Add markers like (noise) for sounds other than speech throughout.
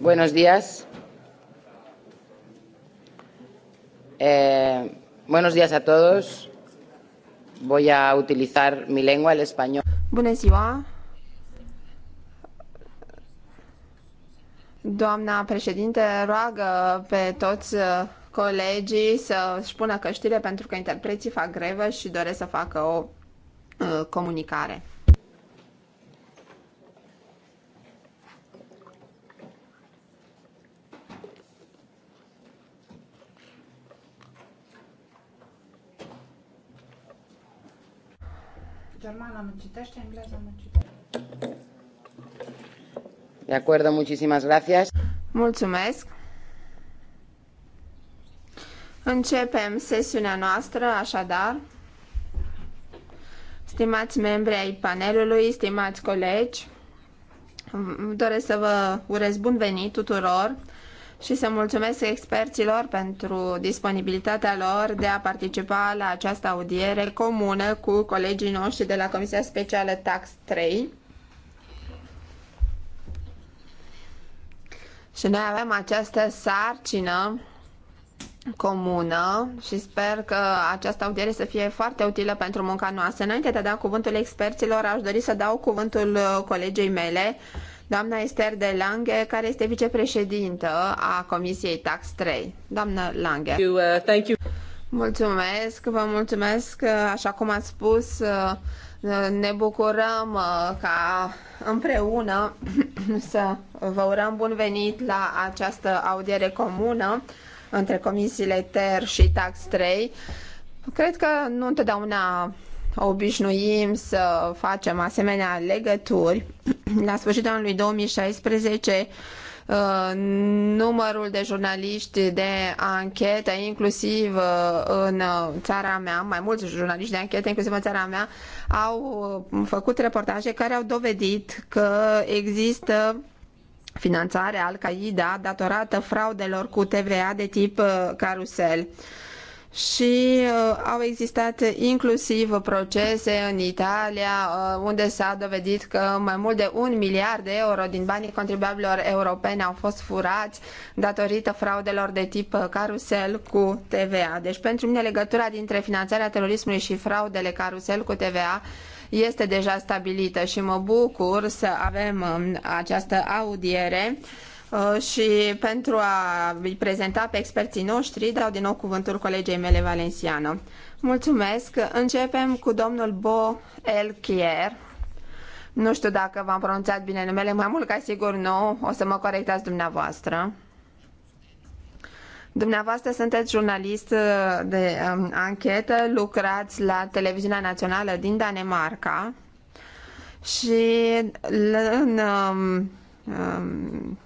Buenos días. Eh, buenos días a todos. Voy a utilizar mi lengua, el español. Bună ziua. Doamna președinte roagă pe toți uh, colegii să-și pună căștile pentru că interpreții fac grevă și doresc să facă o uh, comunicare. Germana mă citește, engleza mă citește. De acuerdo, muchísimas gracias. Mulțumesc. Începem sesiunea noastră, așadar. Stimați membri ai panelului, stimați colegi, doresc să vă urez bun venit tuturor și să mulțumesc experților pentru disponibilitatea lor de a participa la această audiere comună cu colegii noștri de la Comisia Specială Tax 3. Și noi avem această sarcină comună și sper că această audiere să fie foarte utilă pentru munca noastră. Înainte de a da cuvântul experților, aș dori să dau cuvântul colegei mele, doamna Esther de Lange, care este vicepreședintă a Comisiei Tax 3. Doamna Lange. Thank you, uh, thank you. Mulțumesc, vă mulțumesc, uh, așa cum ați spus, uh, ne bucurăm uh, ca împreună (clears throat) să vă urăm bun venit la această audiere comună între comisiile TER și TAX 3. Cred că nu întotdeauna obișnuim să facem asemenea legături. (clears throat) La sfârșitul anului 2016, uh, numărul de jurnaliști de anchetă, inclusiv uh, în uh, țara mea, mai mulți jurnaliști de anchetă, inclusiv în țara mea, au făcut reportaje care au dovedit că există finanțare al Qaeda datorată fraudelor cu TVA de tip carusel și uh, au existat inclusiv procese în Italia uh, unde s-a dovedit că mai mult de un miliard de euro din banii contribuabililor europeni au fost furați datorită fraudelor de tip carusel cu TVA. Deci pentru mine legătura dintre finanțarea terorismului și fraudele carusel cu TVA este deja stabilită și mă bucur să avem um, această audiere Uh, și pentru a îi prezenta pe experții noștri, dau din nou cuvântul colegei mele valenciană. Mulțumesc! Începem cu domnul Bo Elchier. Nu știu dacă v-am pronunțat bine numele, mai mult ca sigur nu, o să mă corectați dumneavoastră. Dumneavoastră sunteți jurnalist uh, de um, anchetă, lucrați la televiziunea națională din Danemarca și în um, um,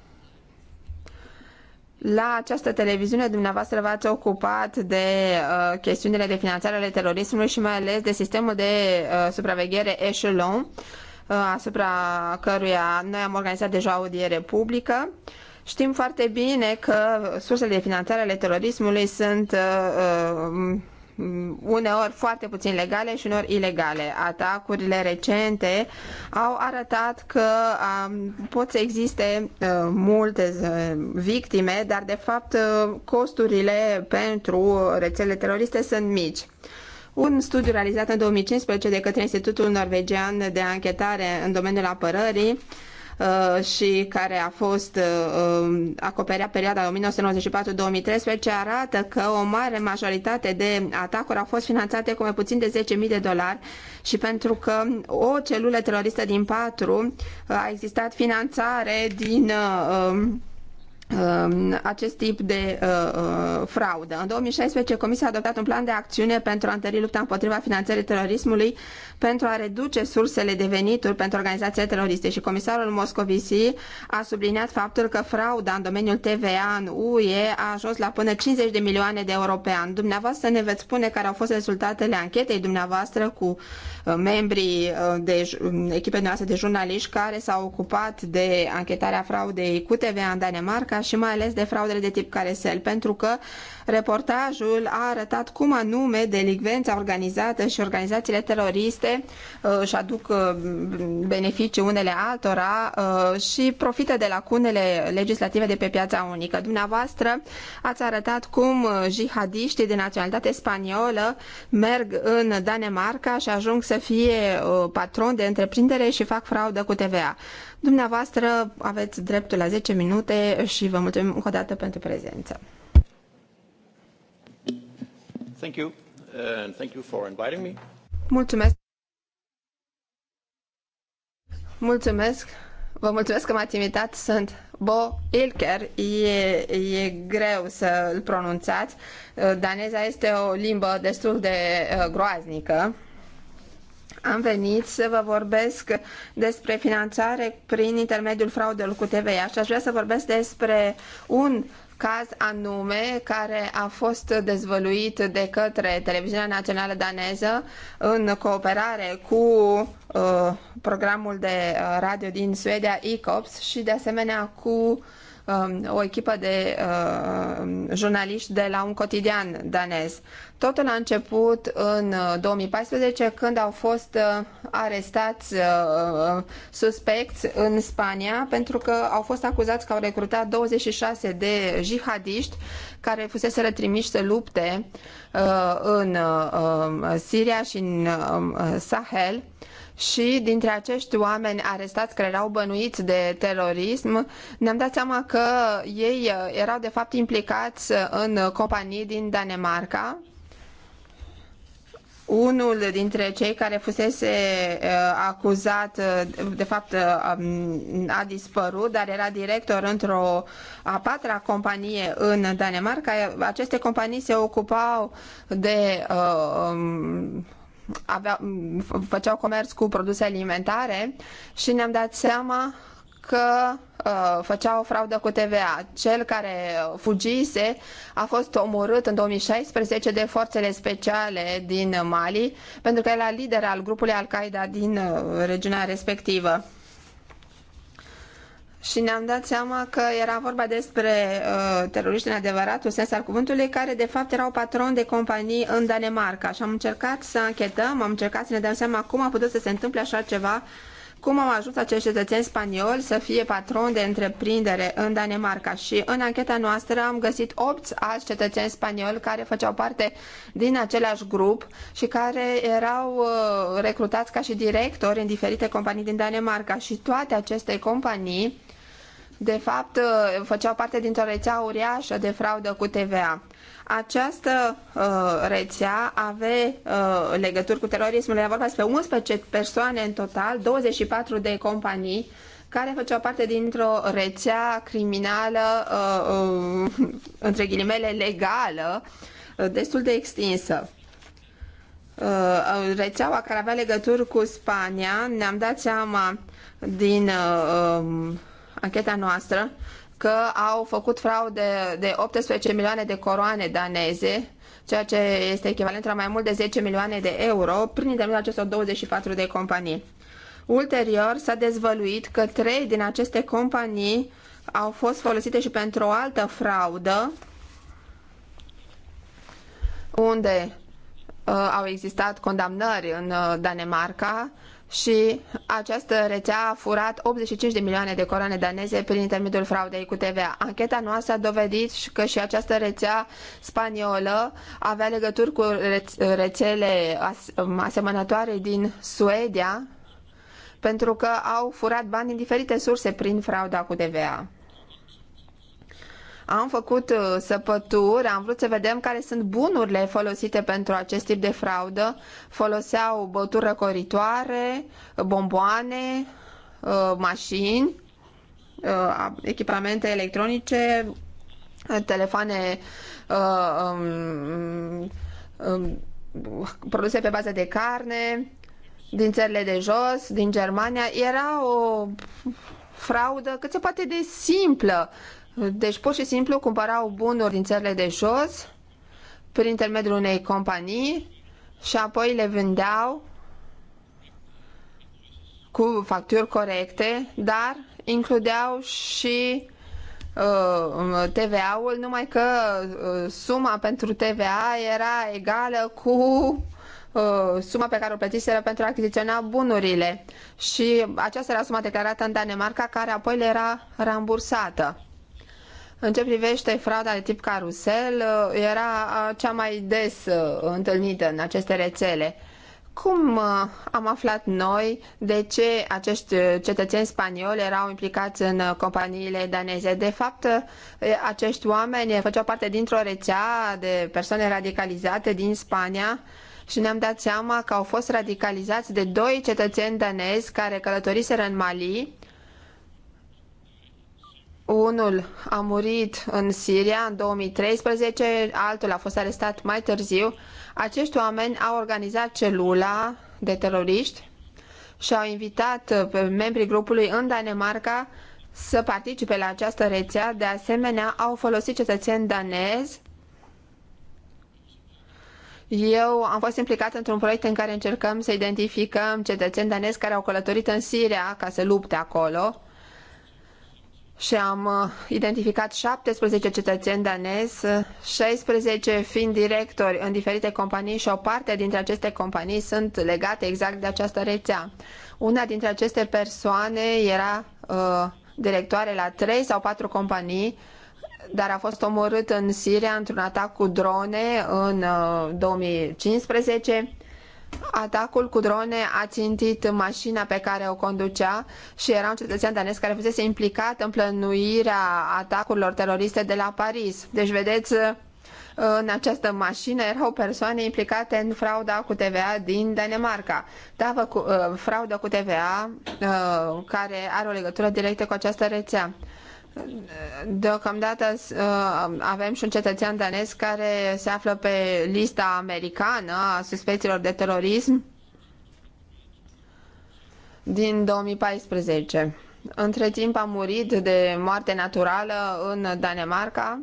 la această televiziune dumneavoastră v-ați ocupat de uh, chestiunile de finanțare ale terorismului și mai ales de sistemul de uh, supraveghere Echelon, uh, asupra căruia noi am organizat deja audiere publică. Știm foarte bine că sursele de finanțare ale terorismului sunt uh, uh, uneori foarte puțin legale și uneori ilegale. Atacurile recente au arătat că um, pot să existe uh, multe uh, victime, dar de fapt uh, costurile pentru rețele teroriste sunt mici. Un studiu realizat în 2015 de către Institutul Norvegian de Anchetare în domeniul apărării Uh, și care a fost uh, um, acoperea perioada 1994-2013 arată că o mare majoritate de atacuri au fost finanțate cu mai puțin de 10.000 de dolari și pentru că o celulă teroristă din patru uh, a existat finanțare din um, um, acest tip de uh, fraudă. În 2016, Comisia a adoptat un plan de acțiune pentru a întări lupta împotriva finanțării terorismului pentru a reduce sursele de venituri pentru organizația teroriste și comisarul Moscovici a subliniat faptul că frauda în domeniul TVA în UE a ajuns la până 50 de milioane de euro pe an. Dumneavoastră ne veți spune care au fost rezultatele anchetei dumneavoastră cu uh, membrii uh, de uh, echipe noastre de jurnaliști care s-au ocupat de anchetarea fraudei cu TVA în Danemarca și mai ales de fraudele de tip caresel, pentru că Reportajul a arătat cum anume delicvența organizată și organizațiile teroriste uh, își aduc uh, beneficii unele altora uh, și profită de lacunele legislative de pe piața unică. Dumneavoastră ați arătat cum jihadiștii de naționalitate spaniolă merg în Danemarca și ajung să fie patron de întreprindere și fac fraudă cu TVA. Dumneavoastră aveți dreptul la 10 minute și vă mulțumim încă o dată pentru prezență. Thank you. And thank you for inviting me. Mulțumesc. Mulțumesc. Vă mulțumesc că m-ați invitat. Sunt Bo Ilker. E, e greu să îl pronunțați. Daneza este o limbă destul de uh, groaznică. Am venit să vă vorbesc despre finanțare prin intermediul fraudelor cu TVA și aș vrea să vorbesc despre un caz anume care a fost dezvăluit de către televiziunea națională daneză în cooperare cu uh, programul de uh, radio din Suedia ICOPS și de asemenea cu Um, o echipă de um, jurnaliști de la un cotidian danez. Totul a început în 2014 uh, când au fost uh, arestați uh, suspecți în Spania pentru că au fost acuzați că au recrutat 26 de jihadiști care fusese trimiși să lupte în um, Siria și în Sahel și dintre acești oameni arestați care erau bănuiți de terorism, ne-am dat seama că ei uh, erau de fapt implicați uh, în companii din Danemarca. Unul dintre cei care fusese uh, acuzat, de fapt um, a dispărut, dar era director într-o a patra companie în Danemarca. Aceste companii se ocupau de uh, um, avea, făceau comerț cu produse alimentare și ne-am dat seama că uh, făcea o fraudă cu TVA. Cel care fugise a fost omorât în 2016 de forțele speciale din Mali pentru că era lider al grupului Al-Qaeda din uh, regiunea respectivă și ne-am dat seama că era vorba despre uh, teroriști în adevăratul sens al cuvântului, care de fapt erau patron de companii în Danemarca. Și am încercat să închetăm, am încercat să ne dăm seama cum a putut să se întâmple așa ceva uh, cum au ajuns acești cetățeni spanioli să fie patroni de întreprindere în Danemarca și în ancheta noastră am găsit 8 alți cetățeni spanioli care făceau parte din același grup și care erau uh, recrutați ca și directori în diferite companii din Danemarca și toate aceste companii de fapt uh, făceau parte dintr-o rețea uriașă de fraudă cu TVA. Această uh, rețea avea uh, legături cu terorismul. Era vorba despre 11 persoane în total, 24 de companii care făceau parte dintr-o rețea criminală, uh, uh, între ghilimele, legală, uh, destul de extinsă. Uh, rețeaua care avea legături cu Spania, ne-am dat seama din uh, um, ancheta noastră că au făcut fraude de 18 milioane de coroane daneze, ceea ce este echivalent la mai mult de 10 milioane de euro, prin intermediul acestor 24 de companii. Ulterior s-a dezvăluit că trei din aceste companii au fost folosite și pentru o altă fraudă, unde uh, au existat condamnări în uh, Danemarca, și această rețea a furat 85 de milioane de coroane daneze prin intermediul fraudei cu TVA. Ancheta noastră a dovedit că și această rețea spaniolă avea legături cu rețele asemănătoare din Suedia pentru că au furat bani din diferite surse prin frauda cu TVA. Am făcut uh, săpături, am vrut să vedem care sunt bunurile folosite pentru acest tip de fraudă. Foloseau băuturi răcoritoare, bomboane, uh, mașini, uh, echipamente electronice, telefoane um, um, produse pe bază de carne, din țările de jos, din Germania, era o fraudă cât se poate de simplă deci pur și simplu cumpărau bunuri din țările de jos prin intermediul unei companii și apoi le vândeau cu facturi corecte, dar includeau și uh, TVA-ul, numai că uh, suma pentru TVA era egală cu uh, suma pe care o plătiseră pentru a achiziționa bunurile și aceasta era suma declarată în Danemarca care apoi le era rambursată. În ce privește frauda de tip carusel, uh, era uh, cea mai des uh, întâlnită în aceste rețele. Cum am aflat noi de ce acești cetățeni spanioli erau implicați în companiile daneze? De fapt, acești oameni făceau parte dintr-o rețea de persoane radicalizate din Spania și ne-am dat seama că au fost radicalizați de doi cetățeni danezi care călătoriseră în Mali unul a murit în Siria în 2013, altul a fost arestat mai târziu. Acești oameni au organizat celula de teroriști și au invitat pe membrii grupului în Danemarca să participe la această rețea. De asemenea, au folosit cetățeni danezi. Eu am fost implicat într-un proiect în care încercăm să identificăm cetățeni danezi care au călătorit în Siria ca să lupte acolo și am uh, identificat 17 cetățeni danezi, 16 fiind directori în diferite companii și o parte dintre aceste companii sunt legate exact de această rețea. Una dintre aceste persoane era uh, directoare la trei sau patru companii, dar a fost omorât în Siria într-un atac cu drone în uh, 2015 Atacul cu drone a țintit mașina pe care o conducea și era un cetățean danez care fusese implicat în plănuirea atacurilor teroriste de la Paris. Deci, vedeți, în această mașină erau persoane implicate în frauda cu TVA din Danemarca. Da, uh, fraudă cu TVA uh, care are o legătură directă cu această rețea. Deocamdată uh, avem și un cetățean danez care se află pe lista americană a suspecțiilor de terorism din 2014. Între timp a murit de moarte naturală în Danemarca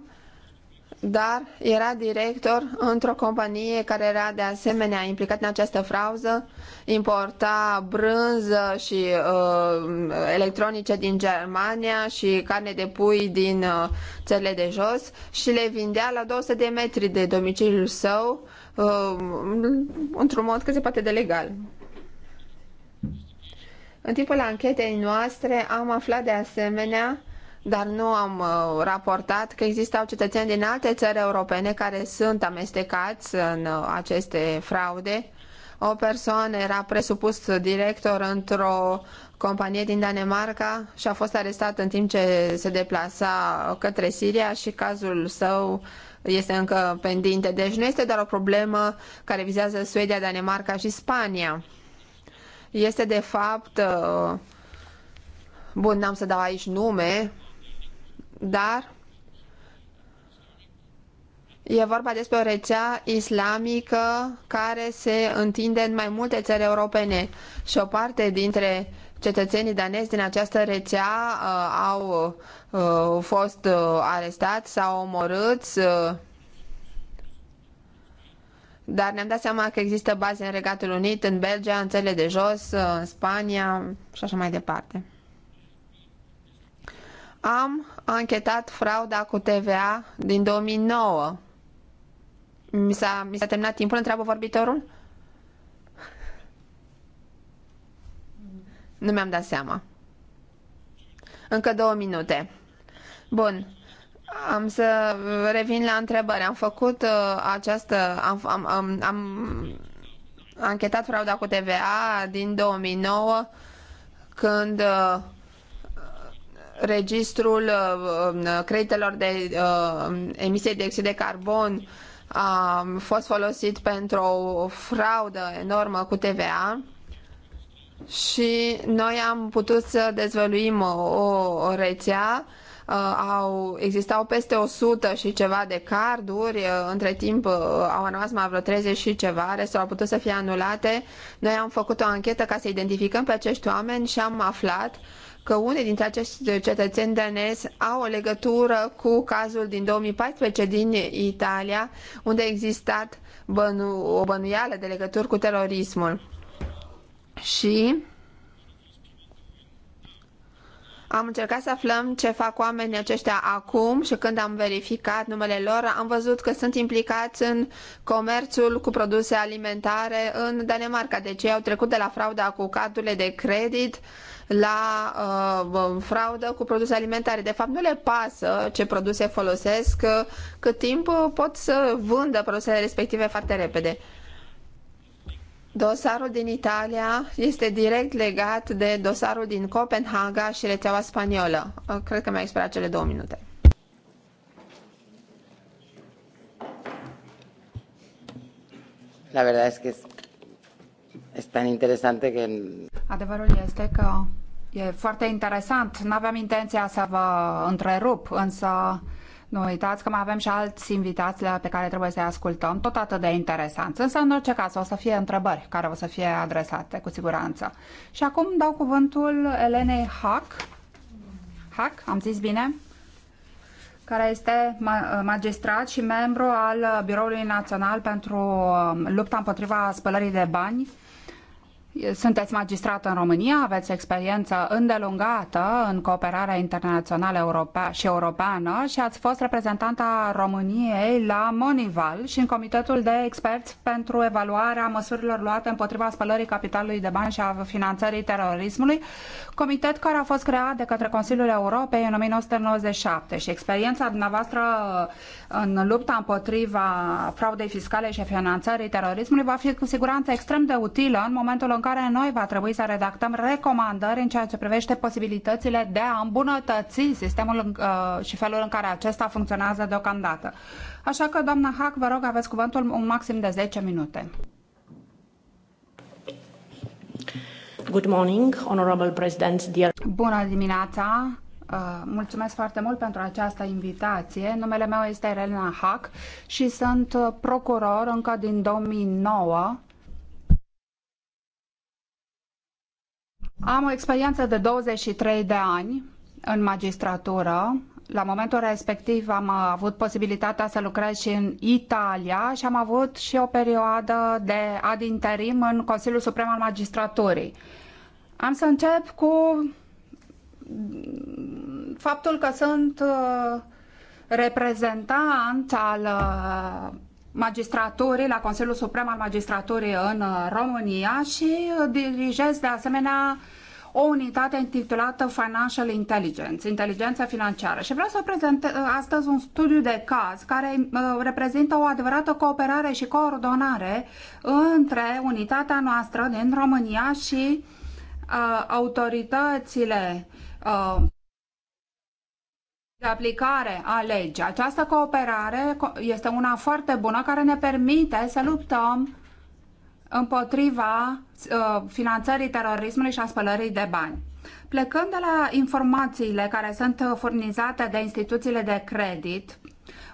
dar era director într-o companie care era de asemenea implicat în această frauză, importa brânză și uh, electronice din Germania și carne de pui din uh, țările de jos și le vindea la 200 de metri de domiciliul său uh, într-un mod cât se poate de legal. În timpul anchetei noastre am aflat de asemenea dar nu am uh, raportat că existau cetățeni din alte țări europene care sunt amestecați în uh, aceste fraude. O persoană era presupus director într-o companie din Danemarca și a fost arestat în timp ce se deplasa către Siria și cazul său este încă pendinte. Deci nu este doar o problemă care vizează Suedia, Danemarca și Spania. Este de fapt uh, Bun, n-am să dau aici nume, dar e vorba despre o rețea islamică care se întinde în mai multe țări europene și o parte dintre cetățenii danezi din această rețea uh, au uh, fost uh, arestați sau omorâți. Uh, dar ne-am dat seama că există baze în Regatul Unit, în Belgia, în țările de jos, uh, în Spania și așa mai departe. Am anchetat frauda cu TVA din 2009. Mi s-a, terminat timpul, întreabă vorbitorul? Nu mi-am dat seama. Încă două minute. Bun. Am să revin la întrebare. Am făcut uh, această... Am, am, am, am anchetat frauda cu TVA din 2009 când... Uh, registrul uh, uh, creditelor de uh, emisie de oxid de carbon a fost folosit pentru o fraudă enormă cu TVA și noi am putut să dezvăluim o, rețea au, existau peste 100 și ceva de carduri, între timp au rămas mai vreo 30 și ceva, restul au putut să fie anulate. Noi am făcut o anchetă ca să identificăm pe acești oameni și am aflat că unii dintre acești cetățeni danezi au o legătură cu cazul din 2014 din Italia, unde a existat bănu- o bănuială de legături cu terorismul. Și am încercat să aflăm ce fac oamenii aceștia acum și când am verificat numele lor, am văzut că sunt implicați în comerțul cu produse alimentare în Danemarca. Deci ei au trecut de la frauda cu cardurile de credit la uh, um, fraudă cu produse alimentare. De fapt, nu le pasă ce produse folosesc, uh, cât timp pot să vândă produsele respective foarte repede. Dosarul din Italia este direct legat de dosarul din Copenhaga și rețeaua spaniolă. Uh, cred că mi-a expirat cele două minute. La verdad es que es tan interesante que... Adevărul este că e foarte interesant. N-aveam intenția să vă întrerup, însă nu uitați că mai avem și alți invitați pe care trebuie să-i ascultăm, tot atât de interesanți. Însă, în orice caz, o să fie întrebări care o să fie adresate, cu siguranță. Și acum dau cuvântul Elenei Hack. Hack, am zis bine? care este magistrat și membru al Biroului Național pentru um, Lupta împotriva spălării de bani sunteți magistrat în România, aveți experiență îndelungată în cooperarea internațională europea și europeană și ați fost reprezentanta României la Monival și în Comitetul de Experți pentru evaluarea măsurilor luate împotriva spălării capitalului de bani și a finanțării terorismului, comitet care a fost creat de către Consiliul Europei în 1997 și experiența dumneavoastră uh, în lupta împotriva fraudei fiscale și finanțării terorismului va fi cu siguranță extrem de utilă în momentul în în care noi va trebui să redactăm recomandări în ceea ce privește posibilitățile de a îmbunătăți sistemul uh, și felul în care acesta funcționează deocamdată. Așa că, doamna Hack, vă rog, aveți cuvântul un maxim de 10 minute. Good morning, honorable president, dear... Bună dimineața, uh, Mulțumesc foarte mult pentru această invitație. Numele meu este Elena Hack și sunt uh, procuror încă din 2009 Am o experiență de 23 de ani în magistratură. La momentul respectiv am avut posibilitatea să lucrez și în Italia și am avut și o perioadă de ad interim în Consiliul Suprem al Magistraturii. Am să încep cu faptul că sunt uh, reprezentant al uh, magistraturii, la Consiliul Suprem al Magistratorii în uh, România și uh, dirigez de asemenea o unitate intitulată Financial Intelligence, inteligența financiară. Și vreau să prezent uh, astăzi un studiu de caz care reprezintă o adevărată cooperare și coordonare între unitatea noastră din România și uh, autoritățile uh, de aplicare a legii. Această cooperare este una foarte bună care ne permite să luptăm împotriva uh, finanțării terorismului și a spălării de bani. Plecând de la informațiile care sunt furnizate de instituțiile de credit,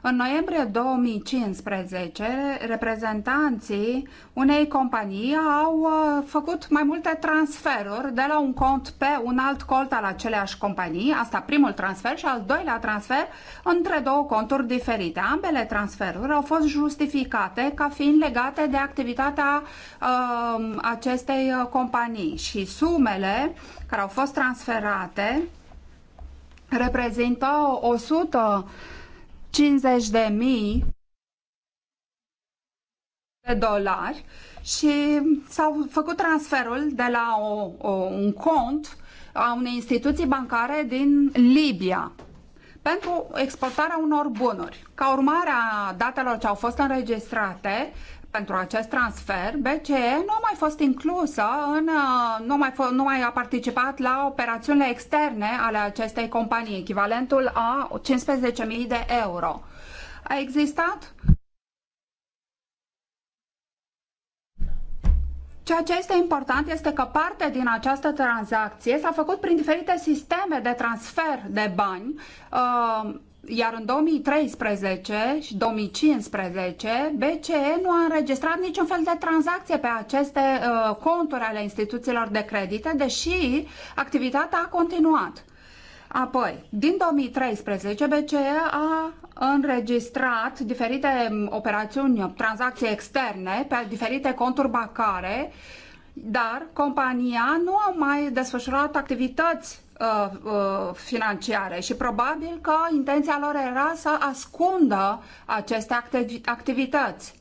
în noiembrie 2015, reprezentanții unei companii au uh, făcut mai multe transferuri de la un cont pe un alt cont al aceleași companii, asta primul transfer și al doilea transfer între două conturi diferite. Ambele transferuri au fost justificate ca fiind legate de activitatea uh, acestei uh, companii și sumele care au fost transferate reprezintă 100 50 de mii de dolari și s-au făcut transferul de la o, o, un cont a unei instituții bancare din Libia pentru exportarea unor bunuri. Ca urmare a datelor ce au fost înregistrate, pentru acest transfer, BCE nu a mai fost inclusă, în, uh, nu, a mai, nu mai a participat la operațiunile externe ale acestei companii, echivalentul a 15.000 de euro. A existat Ceea ce este important este că parte din această tranzacție s-a făcut prin diferite sisteme de transfer de bani, uh, iar în 2013 și 2015, BCE nu a înregistrat niciun fel de tranzacție pe aceste uh, conturi ale instituțiilor de credite, deși activitatea a continuat. Apoi, din 2013, BCE a înregistrat diferite um, operațiuni, tranzacții externe pe diferite conturi bancare, dar compania nu a mai desfășurat activități Uh, uh, financiare și probabil că intenția lor era să ascundă aceste activități.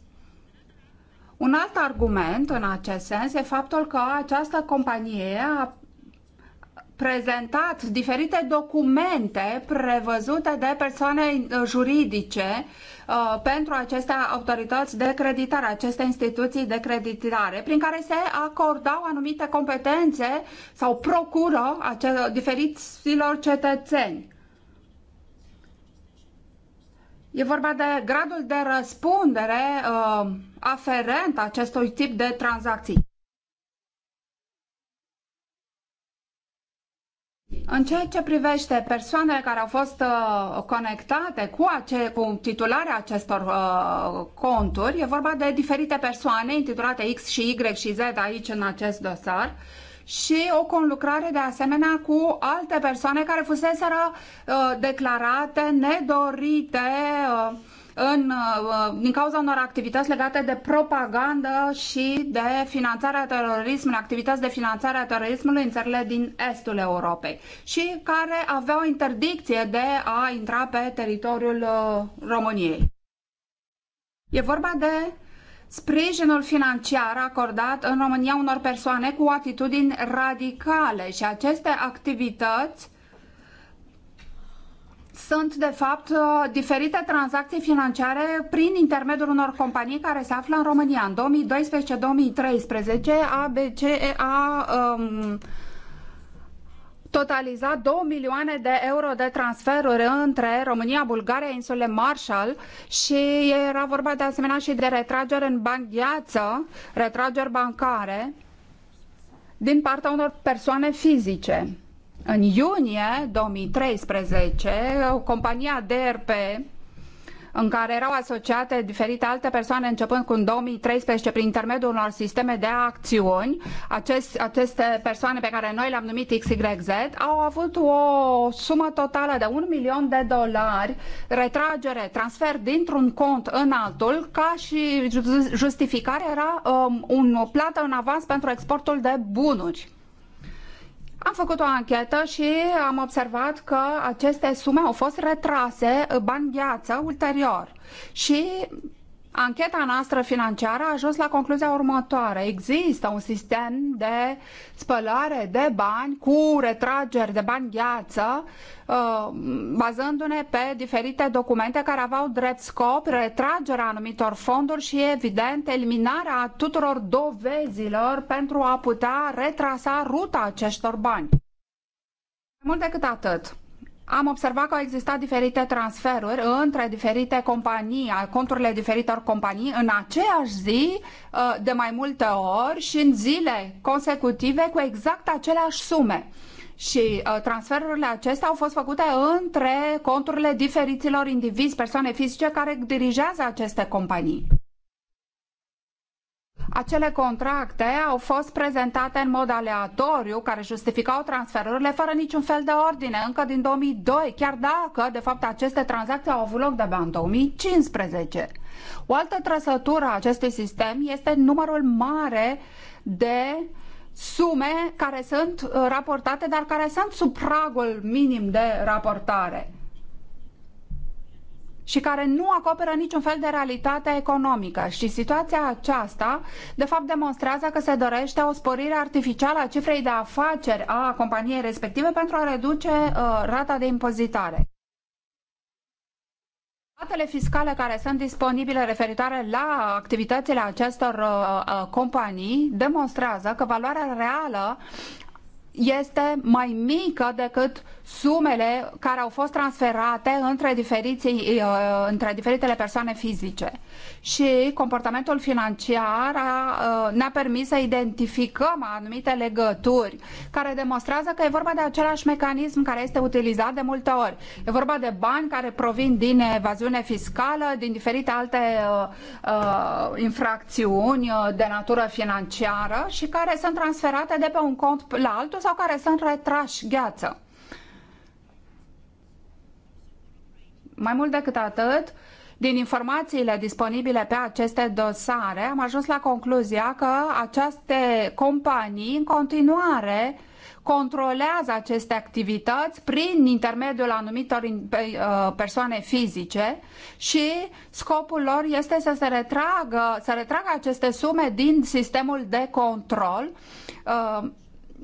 Un alt argument în acest sens e faptul că această companie a prezentat diferite documente prevăzute de persoane uh, juridice uh, pentru aceste autorități de creditare, aceste instituții de creditare, prin care se acordau anumite competențe sau procură acel, diferiților cetățeni. E vorba de gradul de răspundere uh, aferent acestui tip de tranzacții. În ceea ce privește persoanele care au fost uh, conectate cu, ace- cu titularea acestor uh, conturi, e vorba de diferite persoane intitulate X și Y și Z aici în acest dosar și o conlucrare de asemenea cu alte persoane care fuseseră uh, declarate nedorite uh, în, uh, din cauza unor activități legate de propagandă și de finanțarea terorismului, activități de finanțare a terorismului în țările din estul Europei și care aveau interdicție de a intra pe teritoriul uh, României. E vorba de sprijinul financiar acordat în România unor persoane cu atitudini radicale și aceste activități sunt, de fapt, uh, diferite tranzacții financiare prin intermediul unor companii care se află în România. În 2012-2013, ABC a um, totalizat 2 milioane de euro de transferuri între România, Bulgaria, insulele Marshall și era vorba de asemenea și de retrageri în bani gheață, retrageri bancare din partea unor persoane fizice. În iunie 2013, compania DRP, în care erau asociate diferite alte persoane începând cu 2013 prin intermediul unor sisteme de acțiuni. Acest, aceste persoane pe care noi le-am numit XYZ au avut o sumă totală de un milion de dolari retragere, transfer dintr-un cont în altul ca și justificare era um, un, o plată în avans pentru exportul de bunuri. Am făcut o anchetă și am observat că aceste sume au fost retrase bani gheață ulterior și Ancheta noastră financiară a ajuns la concluzia următoare. Există un sistem de spălare de bani cu retrageri de bani gheață, uh, bazându-ne pe diferite documente care aveau drept scop retragerea anumitor fonduri și, evident, eliminarea tuturor dovezilor pentru a putea retrasa ruta acestor bani. mult decât atât, am observat că au existat diferite transferuri între diferite companii, conturile diferitor companii, în aceeași zi, uh, de mai multe ori și în zile consecutive cu exact aceleași sume. Și uh, transferurile acestea au fost făcute între conturile diferiților indivizi, persoane fizice care dirigează aceste companii acele contracte au fost prezentate în mod aleatoriu, care justificau transferurile fără niciun fel de ordine, încă din 2002, chiar dacă, de fapt, aceste tranzacții au avut loc de-abia în 2015. O altă trăsătură a acestui sistem este numărul mare de sume care sunt uh, raportate, dar care sunt sub pragul minim de raportare și care nu acoperă niciun fel de realitate economică. Și situația aceasta, de fapt, demonstrează că se dorește o sporire artificială a cifrei de afaceri a companiei respective pentru a reduce uh, rata de impozitare. Datele fiscale care sunt disponibile referitoare la activitățile acestor uh, uh companii demonstrează că valoarea reală este mai mică decât sumele care au fost transferate între, diferiții, uh, între diferitele persoane fizice. Și comportamentul financiar uh, ne-a permis să identificăm anumite legături care demonstrează că e vorba de același mecanism care este utilizat de multe ori. E vorba de bani care provin din evaziune fiscală, din diferite alte uh, uh infracțiuni de natură financiară și care sunt transferate de pe un cont la altul sau care sunt retrași gheață. Mai mult decât atât, din informațiile disponibile pe aceste dosare, am ajuns la concluzia că aceste companii în continuare controlează aceste activități prin intermediul anumitor uh, persoane fizice și scopul lor este să se retragă, să retragă aceste sume din sistemul de control uh,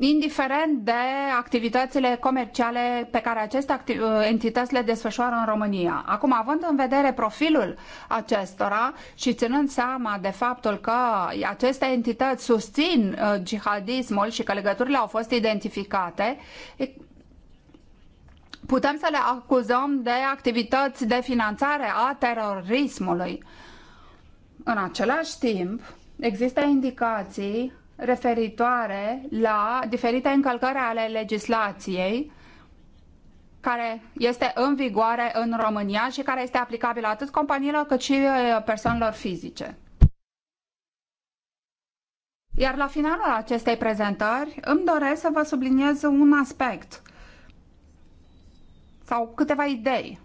indiferent de activitățile comerciale pe care aceste uh, entități le desfășoară în România. Acum, având în vedere profilul acestora și ținând seama de faptul că aceste entități susțin uh, jihadismul și că legăturile au fost identificate, putem să le acuzăm de activități de finanțare a terorismului. În același timp, există indicații referitoare la diferite încălcări ale legislației care este în vigoare în România și care este aplicabilă atât companiilor cât și uh, persoanelor fizice. Iar la finalul acestei prezentări îmi doresc să vă subliniez un aspect sau câteva idei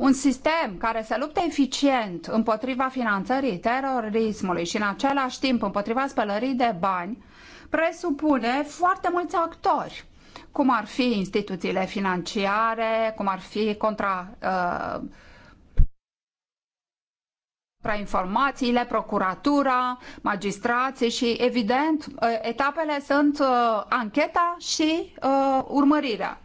un sistem care să lupte eficient împotriva finanțării terorismului și în același timp împotriva spălării de bani presupune foarte mulți actori cum ar fi instituțiile financiare, cum ar fi contra, uh, informațiile, procuratura, magistrații și, evident, uh, etapele sunt uh, ancheta și uh, urmărirea.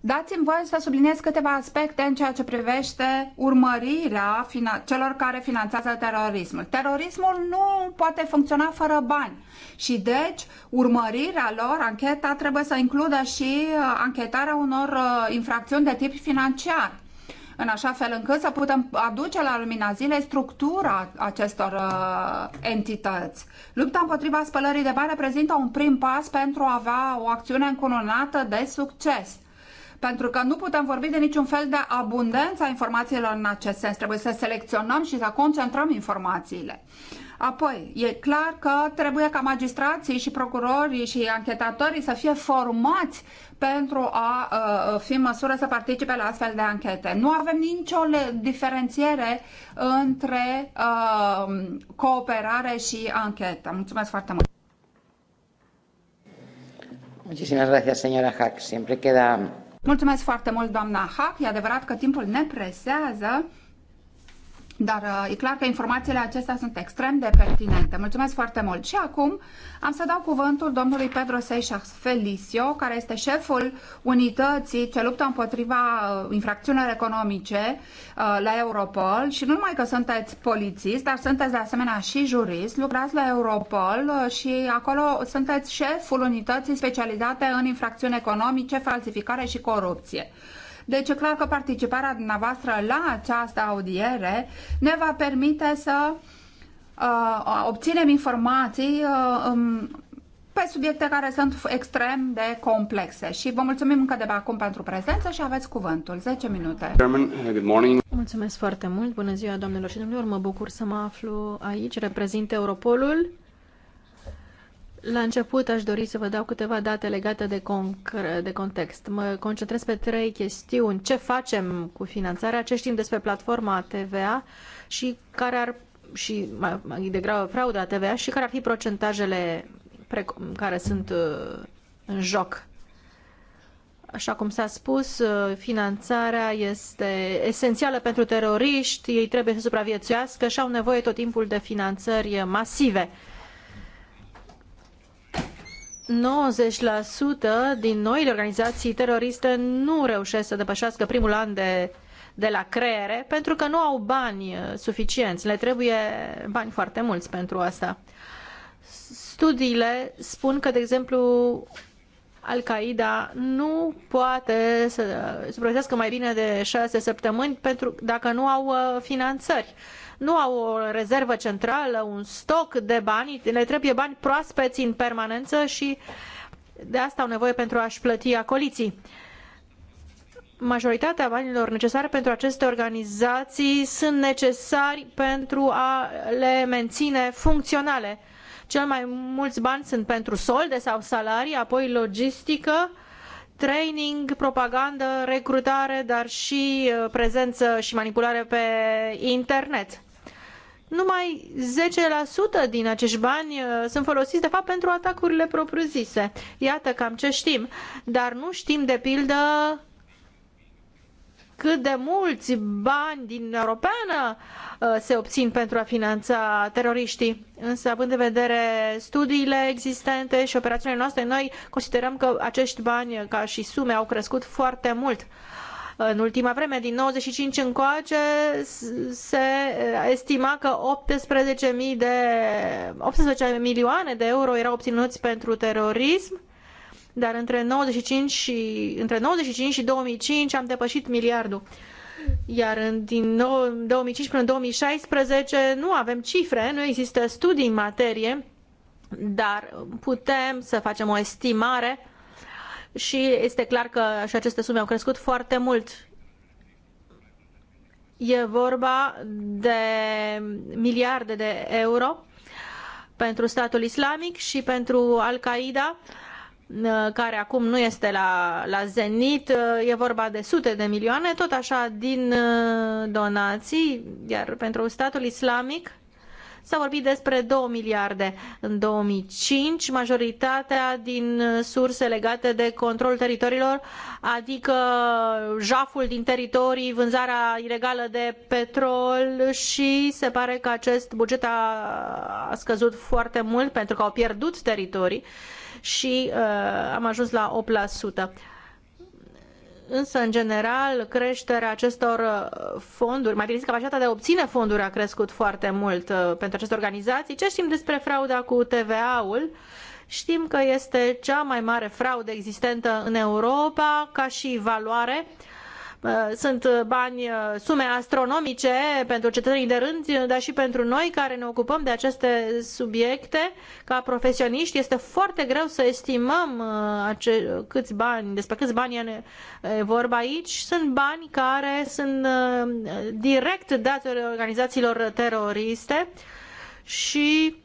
Dați-mi voie să subliniez câteva aspecte în ceea ce privește urmărirea celor care finanțează terorismul. Terorismul nu poate funcționa fără bani și deci urmărirea lor, ancheta, trebuie să includă și uh, anchetarea unor uh, infracțiuni de tip financiar în așa fel încât să putem aduce la lumina zilei structura acestor uh, entități. Lupta împotriva spălării de bani reprezintă un prim pas pentru a avea o acțiune încununată de succes pentru că nu putem vorbi de niciun fel de abundență a informațiilor în acest sens. Trebuie să selecționăm și să concentrăm informațiile. Apoi, e clar că trebuie ca magistrații și procurorii și anchetatorii să fie formați pentru a uh, fi în măsură să participe la astfel de anchete. Nu avem nicio diferențiere între uh, cooperare și anchetă. Mulțumesc foarte mult! Muchísimas gracias, señora Hack. Siempre queda Mulțumesc foarte mult, doamna Hack. E adevărat că timpul ne presează. Dar uh, e clar că informațiile acestea sunt extrem de pertinente. Mulțumesc foarte mult. Și acum am să dau cuvântul domnului Pedro Seixas Felicio, care este șeful unității ce luptă împotriva uh, infracțiunilor economice uh, la Europol. Și nu numai că sunteți polițist, dar sunteți de asemenea și jurist, lucrați la Europol și acolo sunteți șeful unității specializate în infracțiuni economice, falsificare și corupție. Deci e clar că participarea dumneavoastră la această audiere ne va permite să uh, obținem informații uh, um, pe subiecte care sunt extrem de complexe. Și vă mulțumim încă de pe acum pentru prezență și aveți cuvântul. 10 minute. good morning. Mulțumesc foarte mult. Bună ziua, doamnelor și domnilor. Mă bucur să mă aflu aici. Reprezint Europolul la început aș dori să vă dau câteva date legate de, conc- de context. Mă concentrez pe trei chestiuni. Ce facem cu finanțarea, ce știm despre platforma TVA și care ar și mai degrabă frauda TVA și care ar fi procentajele care sunt uh, în joc. Așa cum s-a spus, uh, finanțarea este esențială pentru teroriști, ei trebuie să supraviețuiască și au nevoie tot timpul de finanțări masive. Uh, 90% din noile organizații teroriste nu reușesc să depășească primul an de, de la creere pentru că nu au bani suficienți. Le trebuie bani foarte mulți pentru asta. Studiile spun că, de exemplu, Al-Qaeda nu poate să supraviețuiască mai bine de șase săptămâni pentru, dacă nu au uh, finanțări. Uh, nu au o rezervă centrală, un stoc de bani, le trebuie bani proaspeți în permanență și de asta au nevoie pentru a-și plăti acoliții. Majoritatea banilor necesari pentru aceste organizații sunt necesari pentru a le menține funcționale. Cel mai mulți bani sunt pentru solde sau salarii, apoi logistică, training, propagandă, recrutare, dar și uh, prezență și manipulare pe internet numai 10% din acești bani uh, sunt folosiți de fapt pentru atacurile propriu-zise. Iată cam ce știm, dar nu știm de pildă cât de mulți bani din Europeană uh, se obțin pentru a finanța teroriștii. Însă, având în vedere studiile existente și operațiunile noastre, noi considerăm că acești bani, ca și sume, au crescut foarte mult în ultima vreme, din 95 încoace, se estima că 18, de, 18 milioane de euro erau obținuți pentru terorism dar între 95 și, între 95 și 2005 am depășit miliardul. Iar în, din 2005 până în 2016 nu avem cifre, nu există studii în materie, dar putem să facem o estimare și este clar că și aceste sume au crescut foarte mult. E vorba de miliarde de euro pentru statul islamic și pentru Al-Qaeda, care acum nu este la, la zenit, e vorba de sute de milioane, tot așa din uh, donații, iar pentru statul islamic S-a vorbit despre 2 miliarde în 2005, majoritatea din surse legate de control teritoriilor, adică jaful din teritorii, vânzarea ilegală de petrol și se pare că acest buget a scăzut foarte mult pentru că au pierdut teritorii și uh, am ajuns la 8% însă, în general, creșterea acestor uh, fonduri, mai bine zis, capacitatea de a obține fonduri a crescut foarte mult uh, pentru aceste organizații. Ce știm despre frauda cu TVA-ul? Știm că este cea mai mare fraudă existentă în Europa ca și valoare Uh, sunt uh, bani, uh, sume astronomice pentru cetățenii de rând, dar și pentru noi care ne ocupăm de aceste subiecte ca profesioniști. Este foarte greu să estimăm ace- câți bani, despre câți bani e vorba aici. Sunt bani care sunt direct datori organizațiilor teroriste și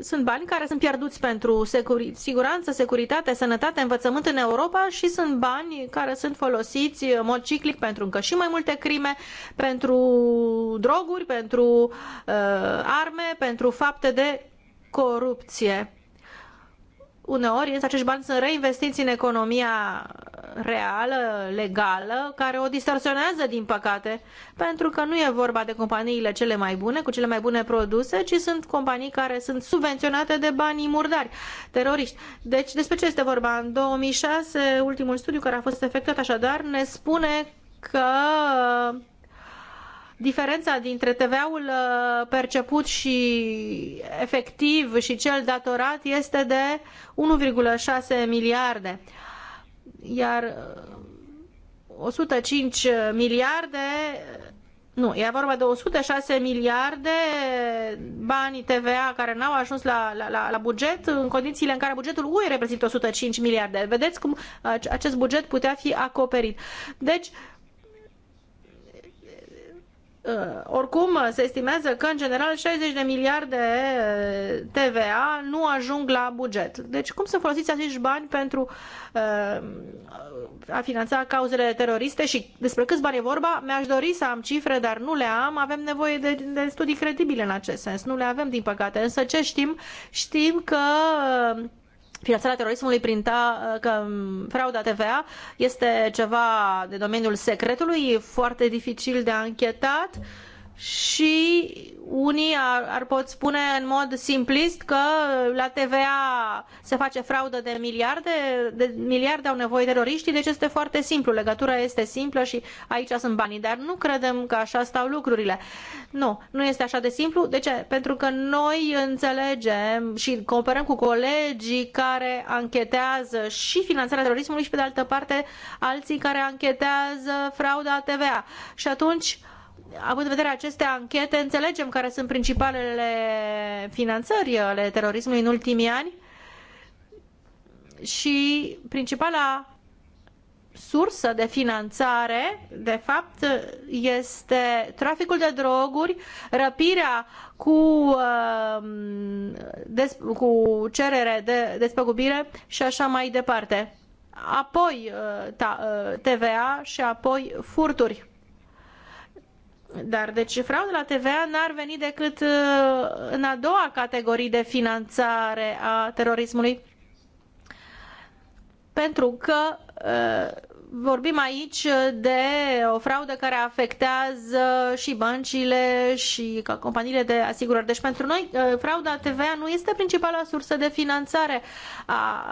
sunt bani care sunt pierduți pentru securi- siguranță, securitate, sănătate, învățământ în Europa și sunt bani care sunt folosiți în mod ciclic pentru încă și mai multe crime, pentru droguri, pentru uh, arme, pentru fapte de corupție. Uneori, însă, acești bani sunt reinvestiți în economia reală, legală, care o distorsionează, din păcate, pentru că nu e vorba de companiile cele mai bune, cu cele mai bune produse, ci sunt companii care sunt subvenționate de banii murdari, teroriști. Deci, despre ce este vorba? În 2006, ultimul studiu care a fost efectuat așadar ne spune că diferența dintre TVA-ul uh, perceput și efectiv și cel datorat este de 1,6 miliarde iar 105 uh, miliarde, uh, nu, e vorba de 106 miliarde uh, bani TVA care n-au ajuns la, la, la, buget în condițiile în care bugetul UE reprezintă 105 miliarde. Vedeți cum acest buget putea fi acoperit. Deci, uh, Uh, oricum, uh, se estimează că, în general, 60 de miliarde uh, TVA nu ajung la buget. Deci, cum să folosiți acești bani pentru uh, a finanța cauzele teroriste și despre câți bani e vorba? Mi-aș dori să am cifre, dar nu le am. Avem nevoie de, de studii credibile în acest sens. Nu le avem, din păcate. Însă, ce știm? Știm că finanțarea terorismului prin ta, uh, că mm, frauda TVA este ceva de domeniul secretului, foarte dificil de anchetat și unii ar, ar pot spune în mod simplist că la TVA se face fraudă de miliarde, de miliarde au nevoie teroriștii, deci este foarte simplu, legătura este simplă și aici sunt banii, dar nu credem că așa stau lucrurile. Nu, nu este așa de simplu. De ce? Pentru că noi înțelegem și cooperăm cu colegii care anchetează și finanțarea terorismului și pe de altă parte alții care anchetează frauda TVA. Și atunci având în vedere aceste anchete, înțelegem care sunt principalele finanțări ale terorismului în ultimii ani și principala sursă de finanțare, de fapt, este traficul de droguri, răpirea cu, um, des, cu cerere de despăgubire și așa mai departe. Apoi uh, ta, uh, TVA și apoi furturi. Dar deci fraude la TVA n-ar veni decât uh, în a doua categorie de finanțare a terorismului pentru că uh, vorbim aici de o fraudă care afectează și băncile și companiile de asigurări. Deci pentru noi uh, frauda TVA nu este principala sursă de finanțare a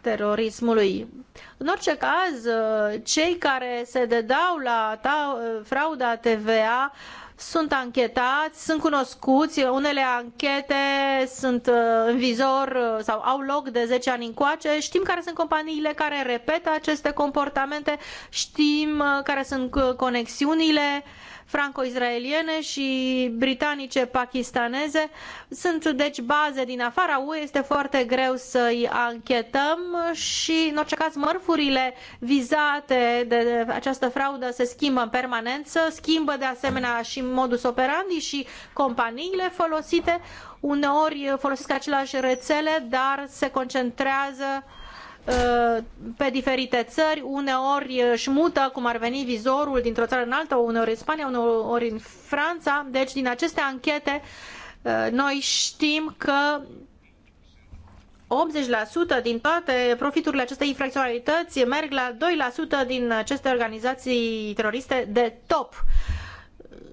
terorismului. În orice caz, uh, cei care se dedau la uh, frauda TVA sunt anchetați, sunt cunoscuți, unele anchete sunt uh, în vizor uh, sau au loc de zece ani încoace, știm care sunt companiile care repetă aceste comportamente, știm uh, care sunt conexiunile franco israeliene și britanice pakistaneze. Sunt deci baze din afara UE, este foarte greu să-i anchetăm și în orice caz mărfurile vizate de această fraudă se schimbă în permanență, schimbă de asemenea și modus operandi și companiile folosite. Uneori folosesc aceleași rețele, dar se concentrează uh, Uh, pe diferite țări, uneori își mută, cum ar veni vizorul dintr-o țară în alta, uneori în Spania, uneori în Franța. Deci, din aceste anchete, uh, noi știm că 80% din toate profiturile acestei infracționalități merg la 2% din aceste organizații teroriste de top.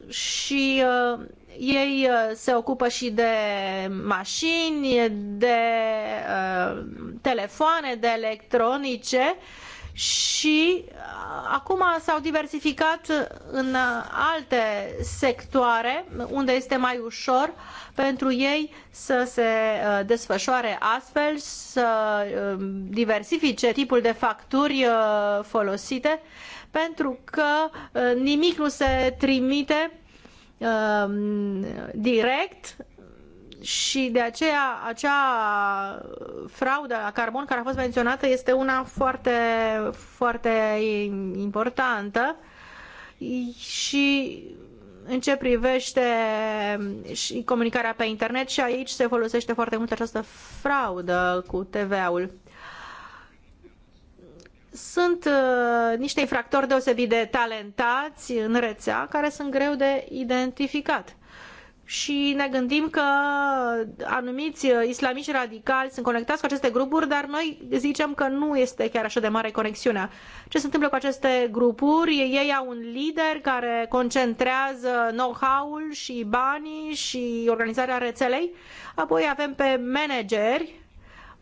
Și uh, ei uh, se ocupă și de mașini, de uh, telefoane, de electronice și uh, acum s-au diversificat în alte sectoare unde este mai ușor pentru ei să se desfășoare astfel, să diversifice tipul de facturi folosite, pentru că nimic nu se trimite Um, direct și de aceea acea fraudă la carbon care a fost menționată este una foarte, foarte importantă și în ce privește și comunicarea pe internet și aici se folosește foarte mult această fraudă cu TVA-ul sunt uh, niște infractori deosebit de talentați în rețea, care sunt greu de identificat. Și ne gândim că anumiți uh, islamici radicali sunt conectați cu aceste grupuri, dar noi zicem că nu este chiar așa de mare conexiunea. Ce se întâmplă cu aceste grupuri? Ei au un lider care concentrează know-how-ul și banii și organizarea rețelei. Apoi avem pe manageri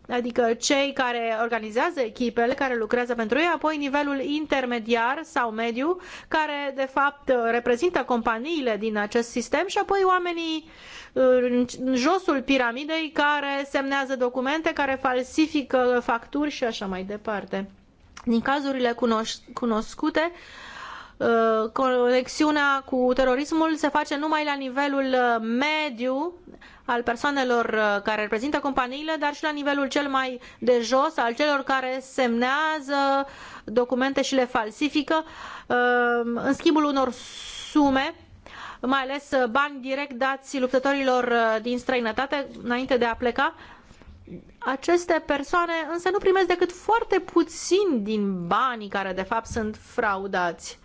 adică cei care organizează echipele, care lucrează pentru ei, apoi nivelul intermediar sau mediu, care de fapt reprezintă companiile din acest sistem și apoi oamenii uh, în josul piramidei care semnează documente, care falsifică facturi și așa mai departe. Din cazurile cunoscute, Uh, conexiunea cu terorismul se face numai la nivelul uh, mediu al persoanelor uh, care reprezintă companiile, dar și la nivelul cel mai de jos al celor care semnează documente și le falsifică în schimbul unor sume mai ales bani direct dați luptătorilor din străinătate înainte de a pleca. Aceste persoane însă nu primesc decât foarte puțin din banii care de fapt sunt fraudați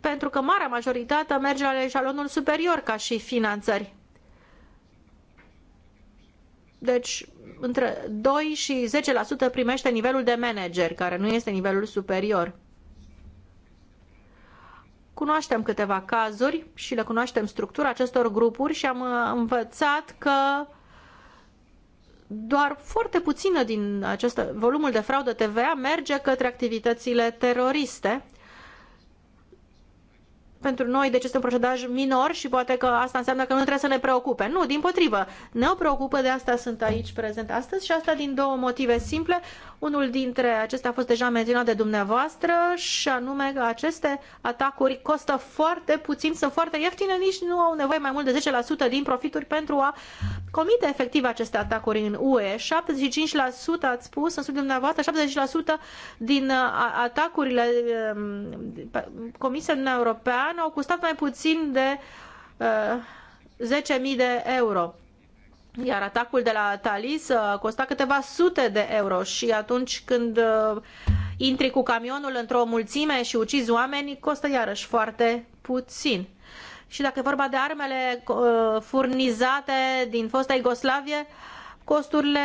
pentru că marea majoritate merge la eșalonul superior ca și finanțări. Deci, între 2 și 10% primește nivelul de manager, care nu este nivelul superior. Cunoaștem câteva cazuri și le cunoaștem structura acestor grupuri și am uh, învățat că doar foarte puțină din acest volumul de fraudă TVA merge către activitățile teroriste pentru noi, deci este un procedaj minor și poate că asta înseamnă că nu trebuie să ne preocupe. Nu, din potrivă, ne preocupă, de asta sunt aici prezent astăzi și asta din două motive simple. Unul dintre acestea a fost deja menționat de dumneavoastră și anume că aceste atacuri costă foarte puțin, sunt foarte ieftine, nici nu au nevoie mai mult de 10% din profituri pentru a comite efectiv aceste atacuri în UE. 75% ați spus în studiul dumneavoastră, 70% din uh, atacurile um, comise în Europea an au costat mai puțin de uh, 10.000 de euro. Iar atacul de la Talis uh, costa câteva sute de euro și atunci când uh, intri cu camionul într-o mulțime și ucizi oameni, costă iarăși foarte puțin. Și dacă e vorba de armele uh, furnizate din fosta Iugoslavie, costurile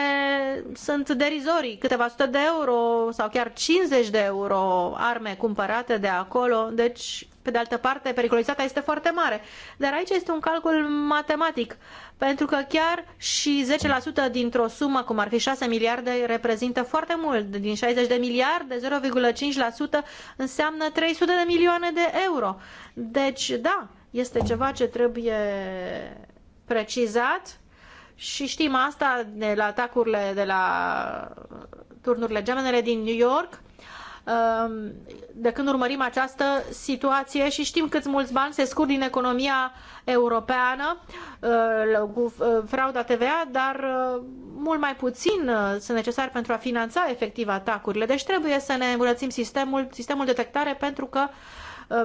sunt derizorii, câteva sute de euro sau chiar 50 de euro arme cumpărate de acolo, deci pe de altă parte, periculozitatea este foarte mare. Dar aici este un calcul matematic, pentru că chiar și 10% dintr-o sumă, cum ar fi 6 miliarde, reprezintă foarte mult. Din 60 de miliarde, 0,5% înseamnă 300 de milioane de euro. Deci, da, este ceva ce trebuie precizat și știm asta de la atacurile de la turnurile gemenele din New York Um, de când urmărim această situație și știm câți mulți bani se scurg din economia europeană uh, cu uh, frauda TVA, dar uh, mult mai puțin sunt necesari pentru a finanța efectiv atacurile. Deci trebuie să ne îmbunătățim sistemul, sistemul de detectare pentru că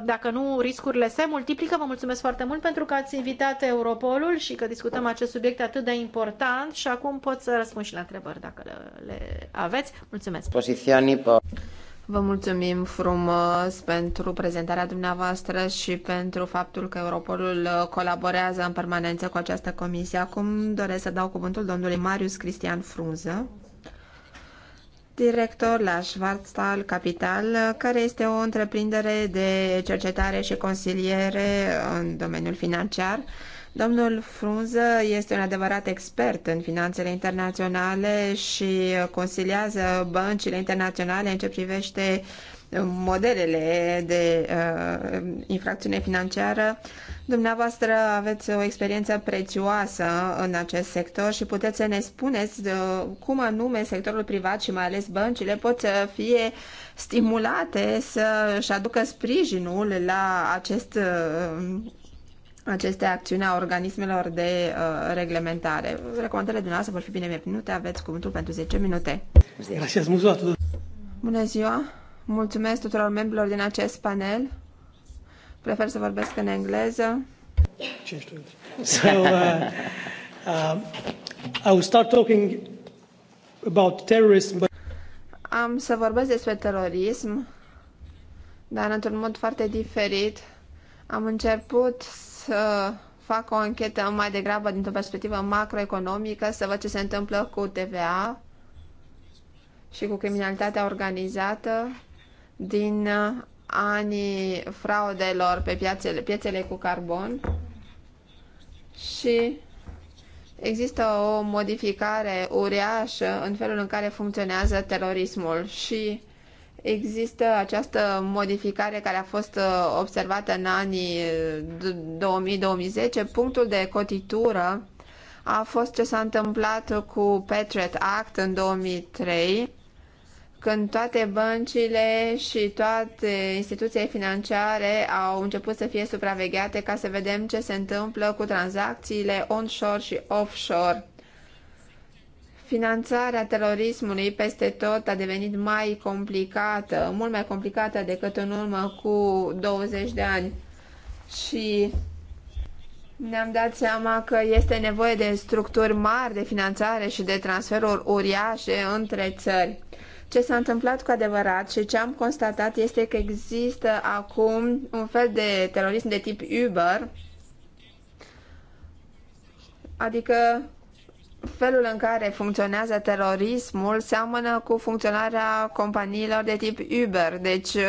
dacă nu, riscurile se multiplică. Vă mulțumesc foarte mult pentru că ați invitat Europolul și că discutăm acest subiect atât de important și acum pot să răspund și la întrebări dacă le aveți. Mulțumesc! Poziționii Vă mulțumim frumos pentru prezentarea dumneavoastră și pentru faptul că Europolul colaborează în permanență cu această comisie. Acum doresc să dau cuvântul domnului Marius Cristian Frunză, director la Schwarzstahl Capital, care este o întreprindere de cercetare și consiliere în domeniul financiar Domnul Frunză este un adevărat expert în finanțele internaționale și consiliază băncile internaționale în ce privește modelele de uh, infracțiune financiară. Dumneavoastră aveți o experiență prețioasă în acest sector și puteți să ne spuneți uh, cum anume sectorul privat și mai ales băncile pot să fie stimulate să-și aducă sprijinul la acest uh, aceste acțiuni a organismelor de uh, reglementare. Recomandările dumneavoastră vor fi bine binevenite. Aveți cuvântul pentru 10 minute. Bună ziua! Mulțumesc tuturor membrilor din acest panel. Prefer să vorbesc în engleză. So, uh, uh, I will start talking about terrorism. But... Am să vorbesc despre terorism, dar într-un mod foarte diferit. Am început să fac o închetă mai degrabă dintr-o perspectivă macroeconomică, să văd ce se întâmplă cu TVA și cu criminalitatea organizată din uh, anii fraudelor pe piațele, piețele cu carbon și există o modificare uriașă în felul în care funcționează terorismul și Există această modificare care a fost uh, observată în anii 2010 uh, Punctul de cotitură a fost ce s-a întâmplat cu Patriot Act în 2003, când toate băncile și toate instituțiile financiare au început să fie supravegheate ca să vedem ce se întâmplă cu tranzacțiile onshore și offshore Finanțarea terorismului peste tot a devenit mai complicată, mult mai complicată decât în urmă cu 20 de ani. Și ne-am dat seama că este nevoie de structuri mari de finanțare și de transferuri uriașe între țări. Ce s-a întâmplat cu adevărat și ce am constatat este că există acum un fel de terorism de tip Uber, adică felul în care funcționează terorismul seamănă cu funcționarea companiilor de tip Uber. Deci uh,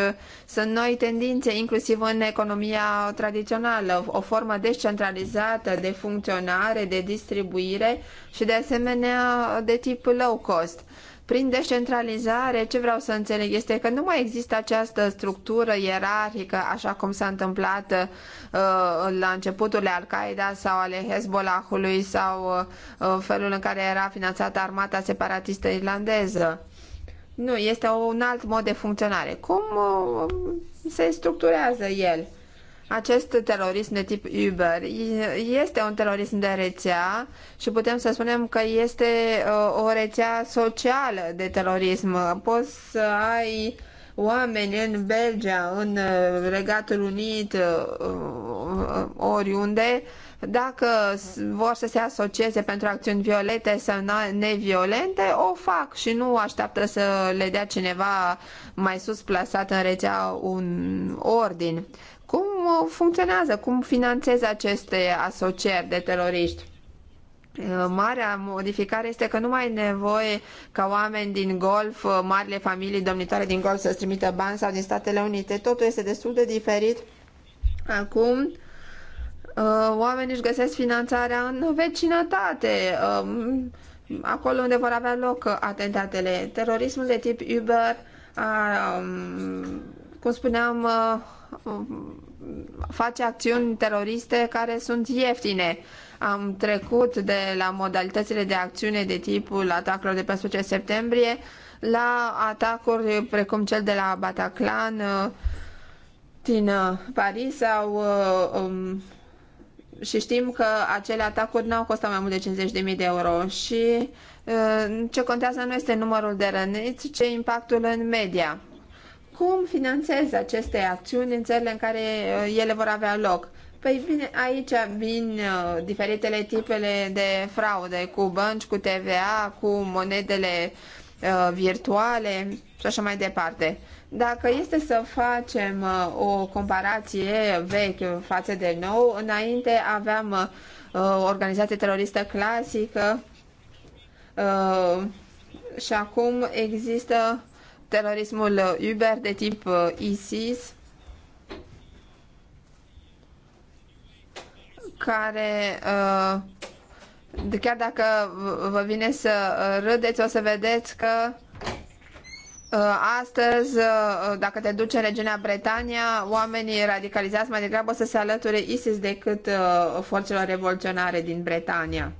sunt noi tendințe, inclusiv în economia tradițională, o formă descentralizată de funcționare, de distribuire și de asemenea de tip low cost. Prin descentralizare, ce vreau să înțeleg este că nu mai există această structură ierarhică, așa cum s-a întâmplat uh, la începutul Al-Qaeda sau ale Hezbollahului sau uh, uh, felul în care era finanțată armata separatistă irlandeză. Nu, este un alt mod de funcționare. Cum uh, se structurează el? acest terorism de tip Uber este un terorism de rețea și putem să spunem că este uh, o rețea socială de terorism. Poți să ai oameni în Belgia, în uh, Regatul Unit, uh, oriunde, dacă vor să se asocieze pentru acțiuni violente sau neviolente, o fac și nu așteaptă să le dea cineva mai sus plasat în rețea un ordin. Cum uh, funcționează? Cum finanțează aceste asocieri de teroriști? Uh, marea modificare este că nu mai e nevoie ca oameni din golf, uh, marile familii domnitoare din golf să-ți trimită bani sau din Statele Unite. Totul este destul de diferit. Acum oamenii își găsesc finanțarea în vecinătate, um, acolo unde vor avea loc atentatele. Terorismul de tip Uber, um, cum spuneam, face acțiuni teroriste care sunt ieftine. Am trecut de la modalitățile de acțiune de tipul atacurilor de pe 11 septembrie la atacuri precum cel de la Bataclan uh, din uh, Paris sau uh, um, și știm că acele atacuri n-au costat mai mult de 50.000 de euro și ce contează nu este numărul de răniți, ci impactul în media cum finanțezi aceste acțiuni în țările în care uh, ele vor avea loc? Păi bine, aici vin uh, diferitele tipele de fraude cu bănci, cu TVA, cu monedele uh, virtuale și așa mai departe. Dacă este să facem o comparație veche față de nou, înainte aveam o organizație teroristă clasică și acum există terorismul uh, Uber de tip uh, ISIS, care uh, chiar dacă vă vine să râdeți, o să vedeți că Astăzi, dacă te duci în regiunea Bretania, oamenii radicalizați mai degrabă să se alăture ISIS decât forțelor revoluționare din Bretania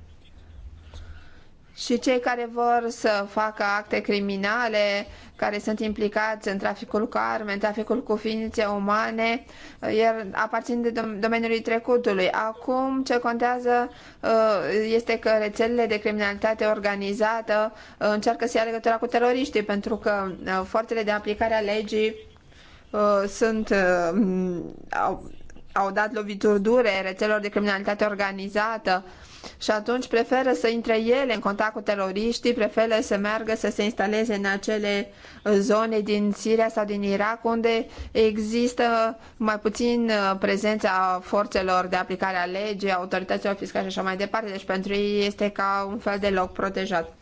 și cei care vor să facă acte criminale, care sunt implicați în traficul cu arme, în traficul cu ființe umane, iar aparțin de domeniului trecutului. Acum ce contează uh, este că rețelele de criminalitate organizată uh, încearcă să ia legătura cu teroriștii, pentru că uh, forțele de aplicare a legii sunt au dat lovituri dure rețelor de criminalitate organizată și atunci preferă să intre ele în contact cu teroriștii, preferă să meargă să se instaleze în acele zone din Siria sau din Irak unde există mai puțin uh, prezența forțelor de aplicare a legii, autorităților fiscale și așa mai departe. Deci pentru ei este ca un fel de loc protejat.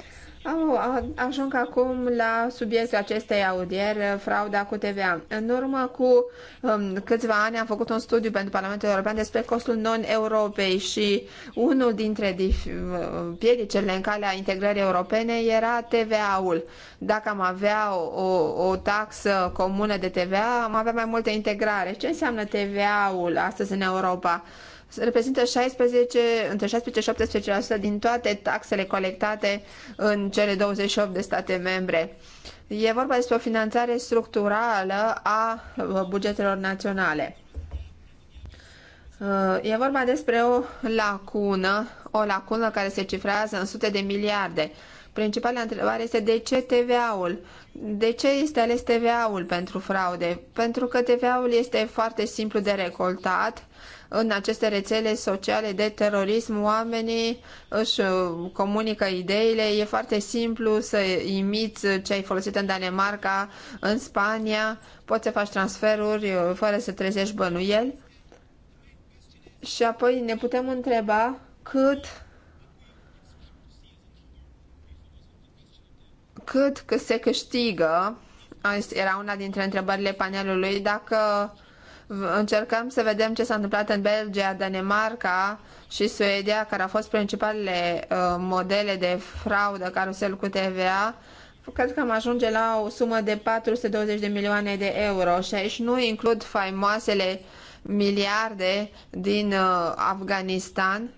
Ajung acum la subiectul acestei audieri, frauda cu TVA. În urmă cu um, câțiva ani am făcut un studiu pentru Parlamentul European despre costul non-europei și unul dintre piedicele în calea integrării europene era TVA-ul. Dacă am avea o, o taxă comună de TVA, am avea mai multă integrare. Ce înseamnă TVA-ul astăzi în Europa? reprezintă 16, între 16 și 17% din toate taxele colectate în cele 28 de state membre. E vorba despre o finanțare structurală a uh, bugetelor naționale. Uh, e vorba despre o lacună, o lacună care se cifrează în sute de miliarde. Principala întrebare este de ce TVA-ul? De ce este ales TVA-ul pentru fraude? Pentru că TVA-ul este foarte simplu de recoltat în aceste rețele sociale de terorism oamenii își uh, comunică ideile, e foarte simplu să imiți ce ai folosit în Danemarca, în Spania, poți să faci transferuri uh, fără să trezești bănuiel. Și apoi ne putem întreba cât cât că se câștigă, era una dintre întrebările panelului, dacă uh, încercăm să vedem ce s-a întâmplat în Belgia, Danemarca și Suedia, care au fost principalele uh, modele de fraudă carusel cu TVA, cred că am ajunge la o sumă de 420 de milioane de euro și aici nu includ faimoasele miliarde din uh, Afganistan,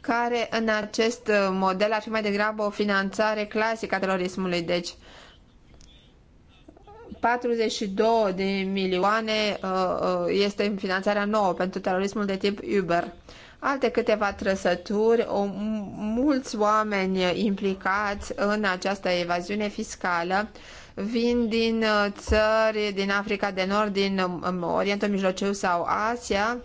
care în acest uh, model ar fi mai degrabă o finanțare clasică a terorismului. Deci, 42 de milioane uh, uh, este în finanțarea nouă pentru terorismul de tip Uber. Alte câteva trăsături, o, mulți oameni implicați în această evaziune fiscală vin din uh, țări din Africa de Nord, din um, um, Orientul Mijlociu sau Asia,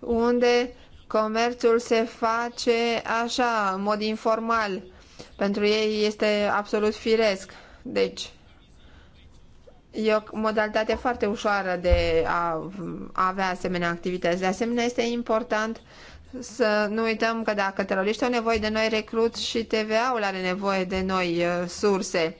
unde comerțul se face așa, în mod informal. Pentru ei este absolut firesc. Deci, E o modalitate foarte ușoară de a avea asemenea activități. De asemenea, este important să nu uităm că dacă teroriști au nevoie de noi recruți și TVA-ul are nevoie de noi uh, surse.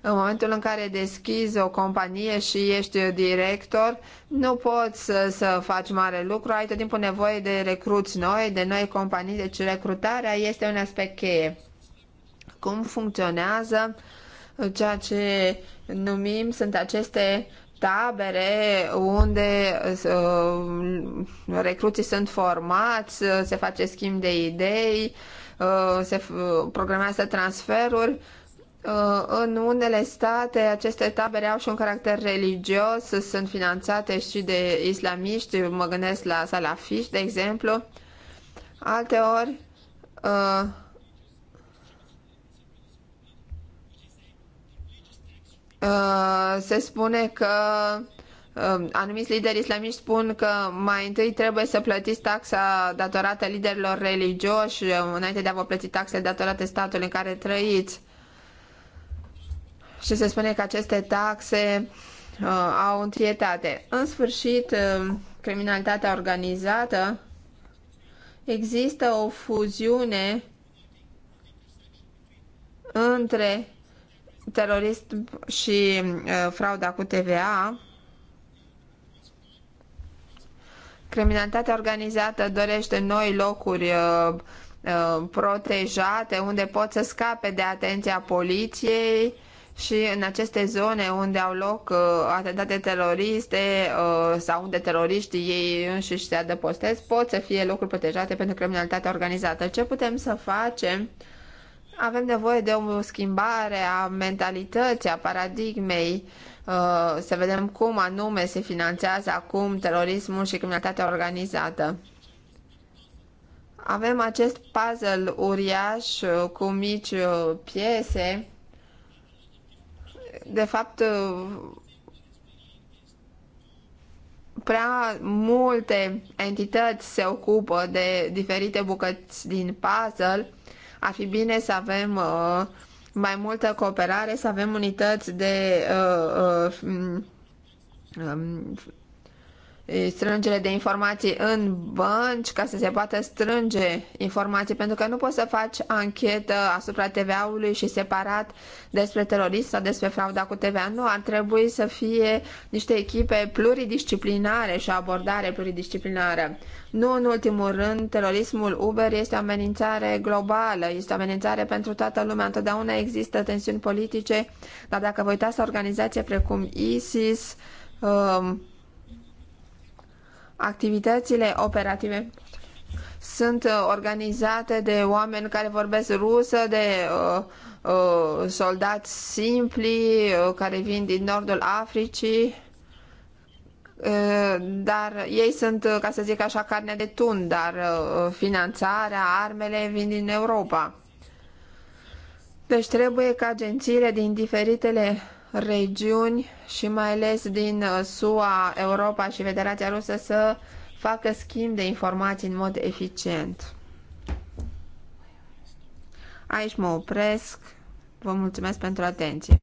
În momentul în care deschizi o companie și ești director, nu poți să, să faci mare lucru, ai tot timpul nevoie de recruți noi, de noi companii, deci recrutarea este un aspect cheie. Cum funcționează uh, ceea ce numim sunt aceste tabere unde uh, recruții sunt formați, uh, se face schimb de idei, uh, se programează transferuri. Uh, în unele state aceste tabere au și un caracter religios, sunt finanțate și de islamiști, mă gândesc la salafiști, de exemplu. Alte ori uh, Uh, se spune că uh, anumiți lideri islamiști spun că mai întâi trebuie să plătiți taxa datorată liderilor religioși uh, înainte de a vă plăti taxele datorate statului în care trăiți. Și se spune că aceste taxe uh, au întrietate. În sfârșit, uh, criminalitatea organizată există o fuziune între terorist și uh, frauda cu TVA, criminalitatea organizată dorește noi locuri uh, uh, protejate unde pot să scape de atenția poliției și în aceste zone unde au loc uh, atentate teroriste uh, sau unde teroriștii ei înșiși se adăpostesc pot să fie locuri protejate pentru criminalitatea organizată. Ce putem să facem? Uh, avem nevoie de o schimbare a mentalității, a paradigmei, uh, să vedem cum anume se finanțează acum terorismul și criminalitatea organizată. Avem acest puzzle uriaș uh, cu mici uh, piese. De fapt, prea multe entități se ocupă de diferite bucăți din puzzle ar fi bine să avem uh, mai multă cooperare, să avem unități de uh, uh, mm, um, strângere de informații în bănci ca să se poată strânge informații, pentru că nu poți să faci anchetă asupra TVA-ului și separat despre terorism sau despre frauda cu TVA. Nu, ar trebui să fie niște echipe pluridisciplinare și abordare pluridisciplinară. Nu în ultimul rând, terorismul Uber este o amenințare globală, este o amenințare pentru toată lumea. Întotdeauna există tensiuni politice, dar dacă vă uitați la organizație precum ISIS, um, Activitățile operative sunt uh, organizate de oameni care vorbesc rusă, de uh, uh, soldați simpli uh, care vin din nordul Africii, uh, dar ei sunt, uh, ca să zic așa, carne de tun, dar finanțarea, armele vin din Europa. Deci trebuie ca agențiile din diferitele regiuni și mai ales din uh, SUA, Europa și Federația Rusă să facă schimb de informații în mod eficient. Aici mă opresc. Vă mulțumesc pentru atenție.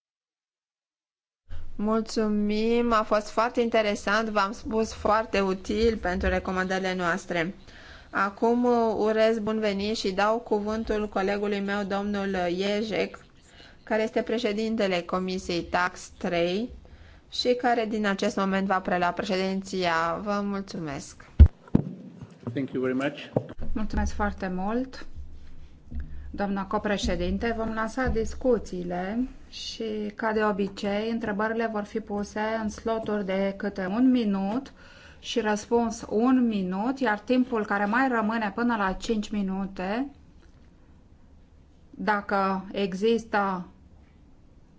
Mulțumim, a fost foarte interesant, v-am spus foarte util pentru recomandările noastre. Acum uh, urez bun venit și dau cuvântul colegului meu, domnul Iejec, care este președintele Comisiei Tax 3 și care din acest moment va prelua președinția. Vă mulțumesc! Thank you very much. Mulțumesc foarte mult! Doamna copreședinte, vom lansa discuțiile și, ca de obicei, întrebările vor fi puse în sloturi de câte un minut și răspuns un minut, iar timpul care mai rămâne până la 5 minute, dacă există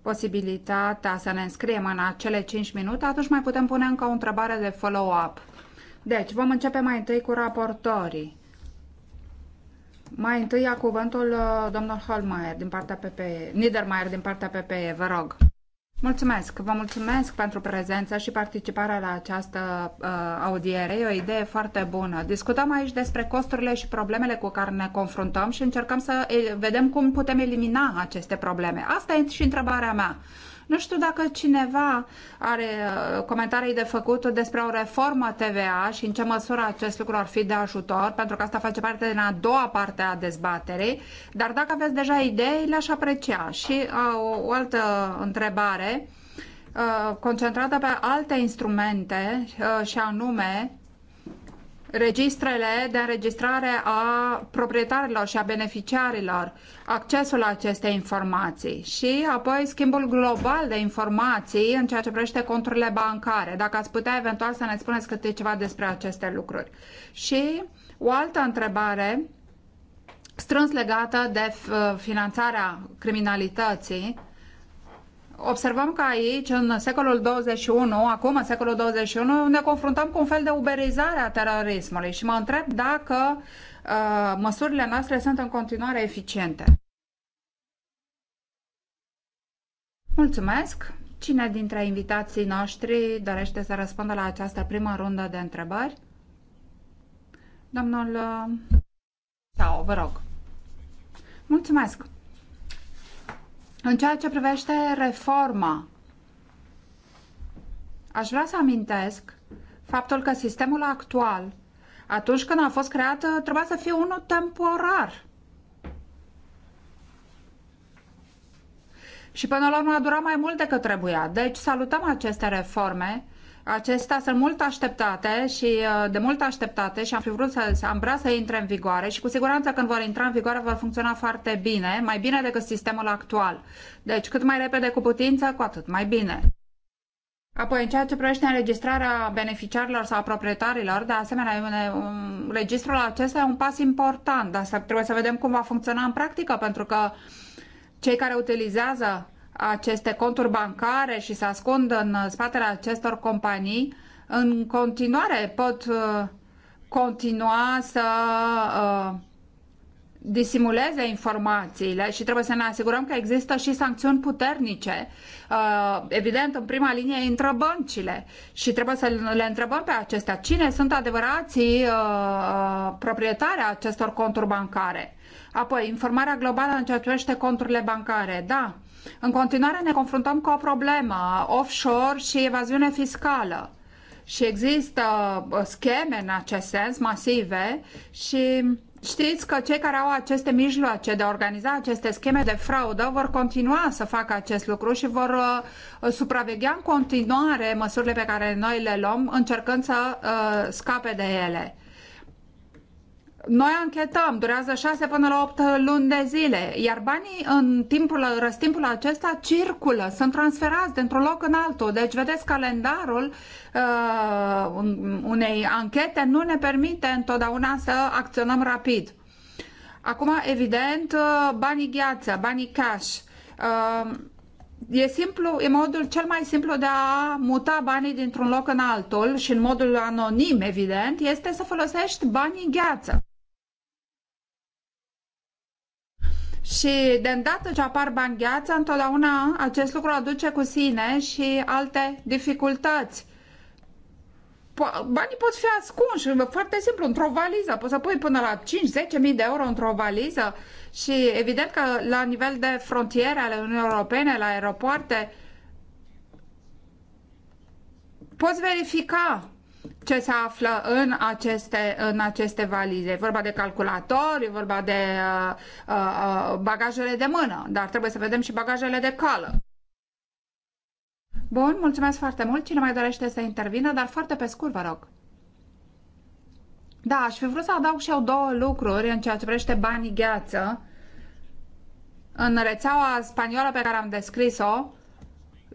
posibilitatea să ne înscriem în acele 5 minute, atunci mai putem pune încă o întrebare de follow-up. Deci, vom începe mai întâi cu raportorii. Mai întâi a cuvântul uh, domnul Holmeier din partea PPE, Niedermeier din partea PPE, vă rog. Mulțumesc, vă mulțumesc pentru prezența și participarea la această uh, audiere. E o idee foarte bună. Discutăm aici despre costurile și problemele cu care ne confruntăm și încercăm să vedem cum putem elimina aceste probleme. Asta e și întrebarea mea. Nu știu dacă cineva are uh, comentarii de făcut despre o reformă TVA și în ce măsură acest lucru ar fi de ajutor, pentru că asta face parte din a doua parte a dezbaterei, dar dacă aveți deja idei, le-aș aprecia. Și uh, o, o altă întrebare uh, concentrată pe alte instrumente și anume registrele de înregistrare a proprietarilor și a beneficiarilor, accesul la aceste informații și apoi schimbul global de informații în ceea ce privește conturile bancare, dacă ați putea eventual să ne spuneți câte ceva despre aceste lucruri. Și o altă întrebare strâns legată de uh, finanțarea criminalității observăm că aici, în secolul 21, acum, în secolul 21, ne confruntăm cu un fel de uberizare a terorismului și mă întreb dacă uh, măsurile noastre sunt în continuare eficiente. Mulțumesc! Cine dintre invitații noștri dorește să răspundă la această primă rundă de întrebări? Domnul Sau, uh, vă rog. Mulțumesc! În ceea ce privește reforma, aș vrea să amintesc faptul că sistemul actual, atunci când a fost creat, trebuia să fie unul temporar. Și până la urmă a durat mai mult decât trebuia. Deci salutăm aceste reforme acestea sunt mult așteptate și uh, de mult așteptate și am fi vrut să am vrea să intre în vigoare și cu siguranță când vor intra în vigoare vor funcționa foarte bine, mai bine decât sistemul actual. Deci cât mai repede cu putință, cu atât mai bine. Apoi, în ceea ce privește înregistrarea beneficiarilor sau proprietarilor, de asemenea, un, un, registrul acesta e un pas important, dar trebuie să vedem cum va funcționa în practică, pentru că cei care utilizează aceste conturi bancare și se ascund în spatele acestor companii, în continuare pot uh, continua să uh, disimuleze informațiile și trebuie să ne asigurăm că există și sancțiuni puternice. Uh, evident, în prima linie intră băncile și trebuie să le întrebăm pe acestea cine sunt adevărații uh, uh, proprietari a acestor conturi bancare. Apoi, informarea globală în ceea ce privește conturile bancare. Da, în continuare ne confruntăm cu o problemă, offshore și evaziune fiscală. Și există scheme în acest sens masive și Știți că cei care au aceste mijloace de a organiza aceste scheme de fraudă vor continua să facă acest lucru și vor uh, supraveghea în continuare măsurile pe care noi le luăm, încercând să uh, scape de ele. Noi anchetăm, durează 6 până la 8 luni de zile, iar banii în timpul, răstimpul acesta circulă, sunt transferați dintr-un loc în altul. Deci, vedeți, calendarul uh, unei anchete nu ne permite întotdeauna să acționăm rapid. Acum, evident, uh, banii gheață, banii cash. Uh, e simplu, e modul cel mai simplu de a muta banii dintr-un loc în altul și în modul anonim, evident, este să folosești banii gheață. Și de îndată ce apar gheață, întotdeauna acest lucru aduce cu sine și alte dificultăți. Banii pot fi ascunși, foarte simplu, într-o valiză. Poți să pui până la 5-10 mii de euro într-o valiză și evident că la nivel de frontiere ale Uniunii Europene, la aeropoarte, poți verifica ce se află în aceste, în aceste valize. E vorba de calculator, e vorba de uh, uh, uh, bagajele de mână, dar trebuie să vedem și bagajele de cală. Bun, mulțumesc foarte mult. Cine mai dorește să intervină, dar foarte pe scurt, vă rog. Da, aș fi vrut să adaug și eu două lucruri în ceea ce privește banii gheață. În rețeaua spaniolă pe care am descris-o,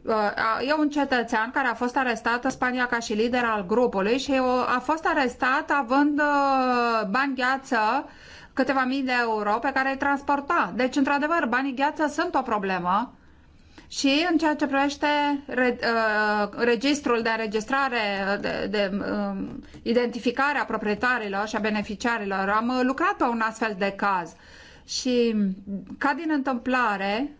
Uh, e un cetățean care a fost arestat în Spania ca și lider al grupului și uh, a fost arestat având uh, bani gheață câteva mii de euro pe care îi transporta. Deci, într-adevăr, banii gheață sunt o problemă. Și în ceea ce privește re, uh, registrul de înregistrare, de, de uh, um, identificare a proprietarilor și a beneficiarilor, am lucrat pe un astfel de caz. Și ca din întâmplare,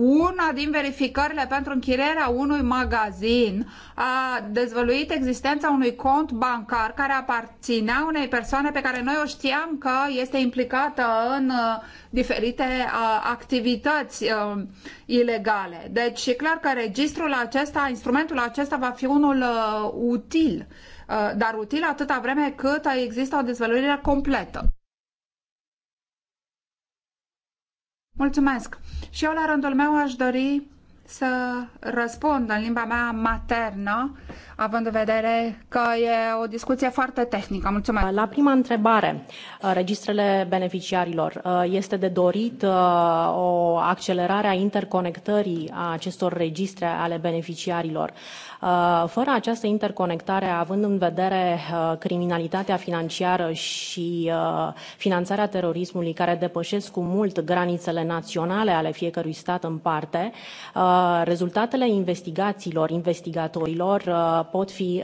una din verificările pentru închirierea unui magazin a dezvăluit existența unui cont bancar care aparținea unei persoane pe care noi o știam că este implicată în uh, diferite uh, activități uh, ilegale. Deci e clar că registrul acesta, instrumentul acesta va fi unul util, dar util atâta vreme cât există o dezvăluire completă. Mulțumesc! Și eu, la rândul meu, aș dori să răspund în limba mea maternă, având în vedere că e o discuție foarte tehnică. Mulțumesc. La prima întrebare, uh, registrele beneficiarilor, uh, este de dorit uh, o accelerare a interconectării a acestor registre ale beneficiarilor. Uh, fără această interconectare, având în vedere uh, criminalitatea financiară și uh, finanțarea terorismului, care depășesc cu mult granițele naționale ale fiecărui stat în parte, rezultatele investigațiilor, investigatorilor pot fi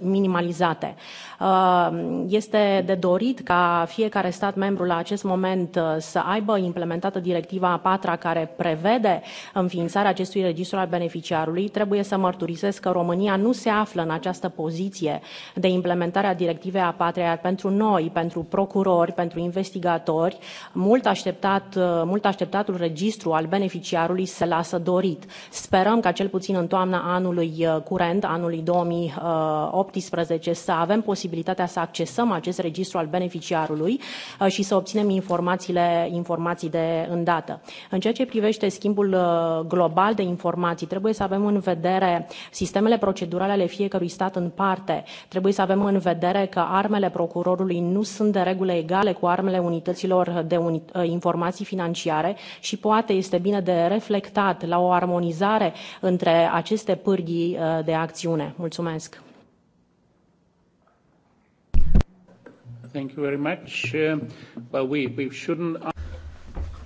minimalizate. Este de dorit ca fiecare stat membru la acest moment să aibă implementată directiva a patra care prevede înființarea acestui registru al beneficiarului. Trebuie să mărturisesc mărturisesc că România nu se află în această poziție de implementare a directivei a patra, iar pentru noi, pentru procurori, pentru investigatori, mult, așteptat, mult așteptatul registru al beneficiarului se lasă dorit. Sperăm ca cel puțin în toamna anului uh, curent, anului 2018, uh, să avem posibilitatea să accesăm acest registru al beneficiarului uh, și să obținem informațiile, informații de îndată. În ceea ce privește schimbul global de informații, trebuie să avem în vedere sistemele procedurale ale fiecărui stat în parte. Trebuie să avem în vedere că armele procurorului nu sunt de regulă egale cu armele unităților de uni- ă, informații financiare și poate este bine de reflectat la o armonizare între aceste pârghii ă, de acțiune. Mulțumesc! Thank you very much. Uh, well, we, we shouldn't.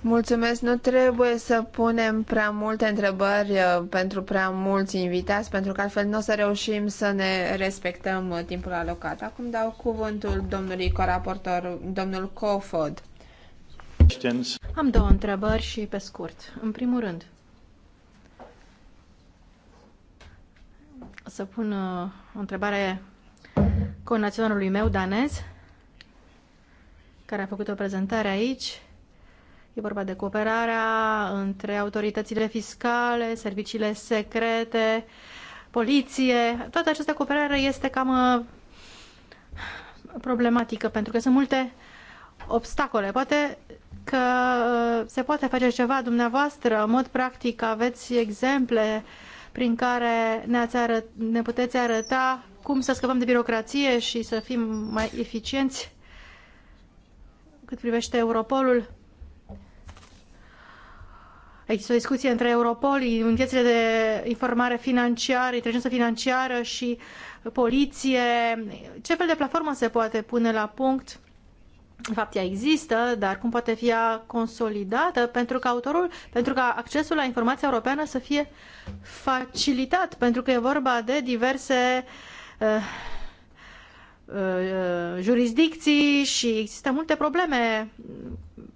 Mulțumesc, nu trebuie să punem prea multe întrebări uh, pentru prea mulți invitați, pentru că altfel nu o să reușim să ne respectăm uh, timpul alocat. Acum dau cuvântul domnului coraportor, domnul Cofod. Am două întrebări și pe scurt. În primul rând, o să pun uh, o întrebare naționalului meu danez, care a făcut o prezentare aici E vorba de cooperarea între autoritățile fiscale, serviciile secrete, poliție. Toată această cooperare este cam uh, problematică pentru că sunt multe obstacole. Poate că uh, se poate face ceva dumneavoastră, în mod practic aveți exemple prin care ne, arăt, ne puteți arăta cum să scăpăm de birocrație și să fim mai eficienți cât privește Europolul. Există o discuție între Europol, unitățile de informare financiară, inteligență financiară și poliție. Ce fel de platformă se poate pune la punct? În fapt, ea există, dar cum poate fi ea consolidată pentru ca autorul, pentru ca accesul la informația europeană să fie facilitat, pentru că e vorba de diverse uh, uh, jurisdicții și există multe probleme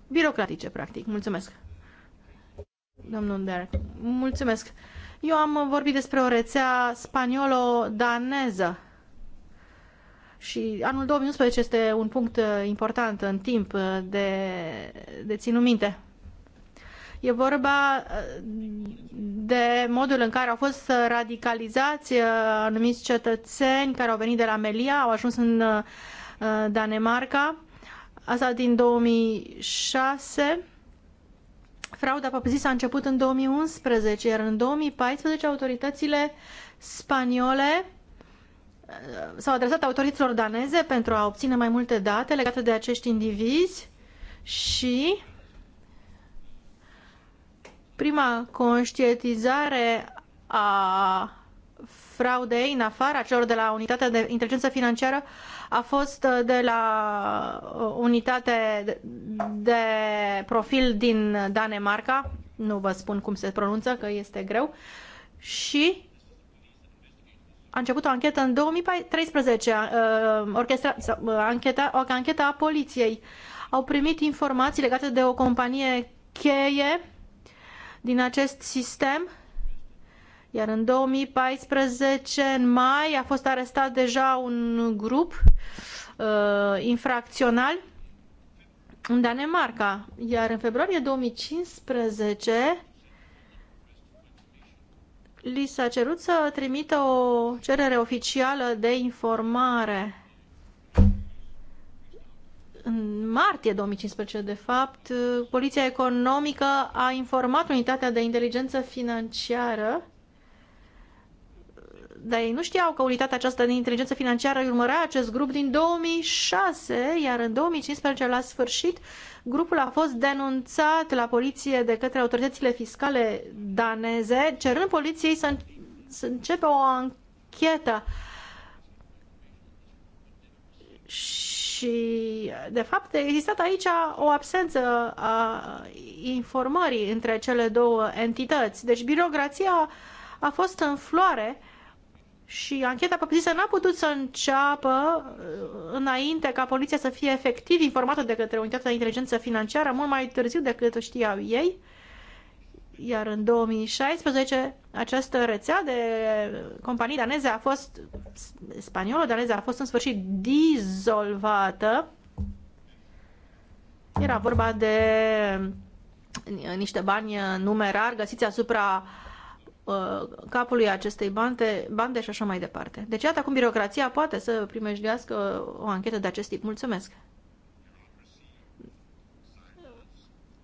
birocratice, practic. Mulțumesc! domnul Der. Mulțumesc. Eu am vorbit despre o rețea spaniolo-daneză și anul 2011 este un punct uh, important în timp uh, de, de ținut minte. E vorba uh, de modul în care au fost radicalizați anumiți cetățeni care au venit de la Melia, au ajuns în Danemarca, asta din 2006 Frauda propriu-zis a început în 2011, iar în 2014 autoritățile spaniole uh, s-au adresat autorităților daneze pentru a obține mai multe date legate de acești indivizi și prima conștientizare a fraudei în afara celor de la unitatea de inteligență financiară a fost uh, de la uh, unitate de profil din Danemarca, nu vă spun cum se pronunță, că este greu, și a început o anchetă în 2013, uh, orchestra, ancheta, o anchetă a poliției. Au primit informații legate de o companie cheie din acest sistem iar în 2014, în mai, a fost arestat deja un grup uh, infracțional în Danemarca. Iar în februarie 2015 li s-a cerut să trimită o cerere oficială de informare. În martie 2015, de fapt, uh, Poliția Economică a informat Unitatea de Inteligență Financiară dar ei nu știau că unitatea aceasta de inteligență financiară îi urmărea acest grup din 2006, iar în 2015, la sfârșit, grupul a fost denunțat la poliție de către autoritățile fiscale daneze, cerând poliției să, să începe o anchetă. Și, de fapt, a existat aici o absență a informării între cele două entități. Deci, birocrația a fost în floare și ancheta propriu-zisă n-a putut să înceapă uh, înainte ca poliția să fie efectiv informată de către unitatea de inteligență financiară mult mai târziu decât știau ei. Iar în 2016 această rețea de companii daneze a fost, spaniolă daneză a fost în sfârșit dizolvată. Era vorba de niște bani numerar găsiți asupra uh, Uh, capului acestei bande, bande și așa mai departe. Deci, iată cum birocrația poate să primejdească o anchetă de acest tip. Mulțumesc!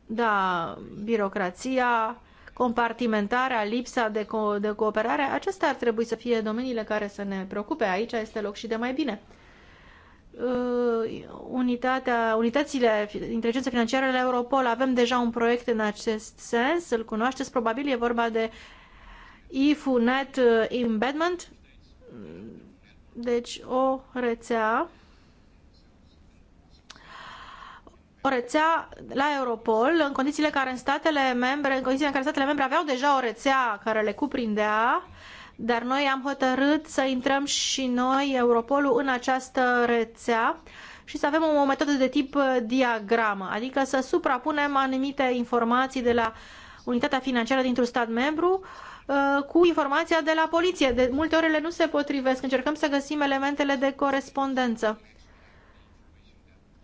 Da, birocrația, compartimentarea, lipsa de, co- de cooperare, acestea ar trebui să fie domeniile care să ne preocupe. Aici este loc și de mai bine. Uh, unitatea, unitățile, inteligență financiară la Europol, avem deja un proiect în acest sens, îl cunoașteți, probabil e vorba de uh, Net uh, Embedment, deci o rețea o rețea la Europol, în condițiile care în statele membre, în condițiile în care statele membre aveau deja o rețea care le cuprindea, dar noi am hotărât să intrăm și noi, Europolul, în această rețea și să avem o metodă de tip uh, diagramă, adică să suprapunem anumite informații de la unitatea financiară dintr-un stat membru uh, Uh, cu informația de la poliție. De multe ori ele nu se potrivesc. Încercăm să găsim elementele de corespondență.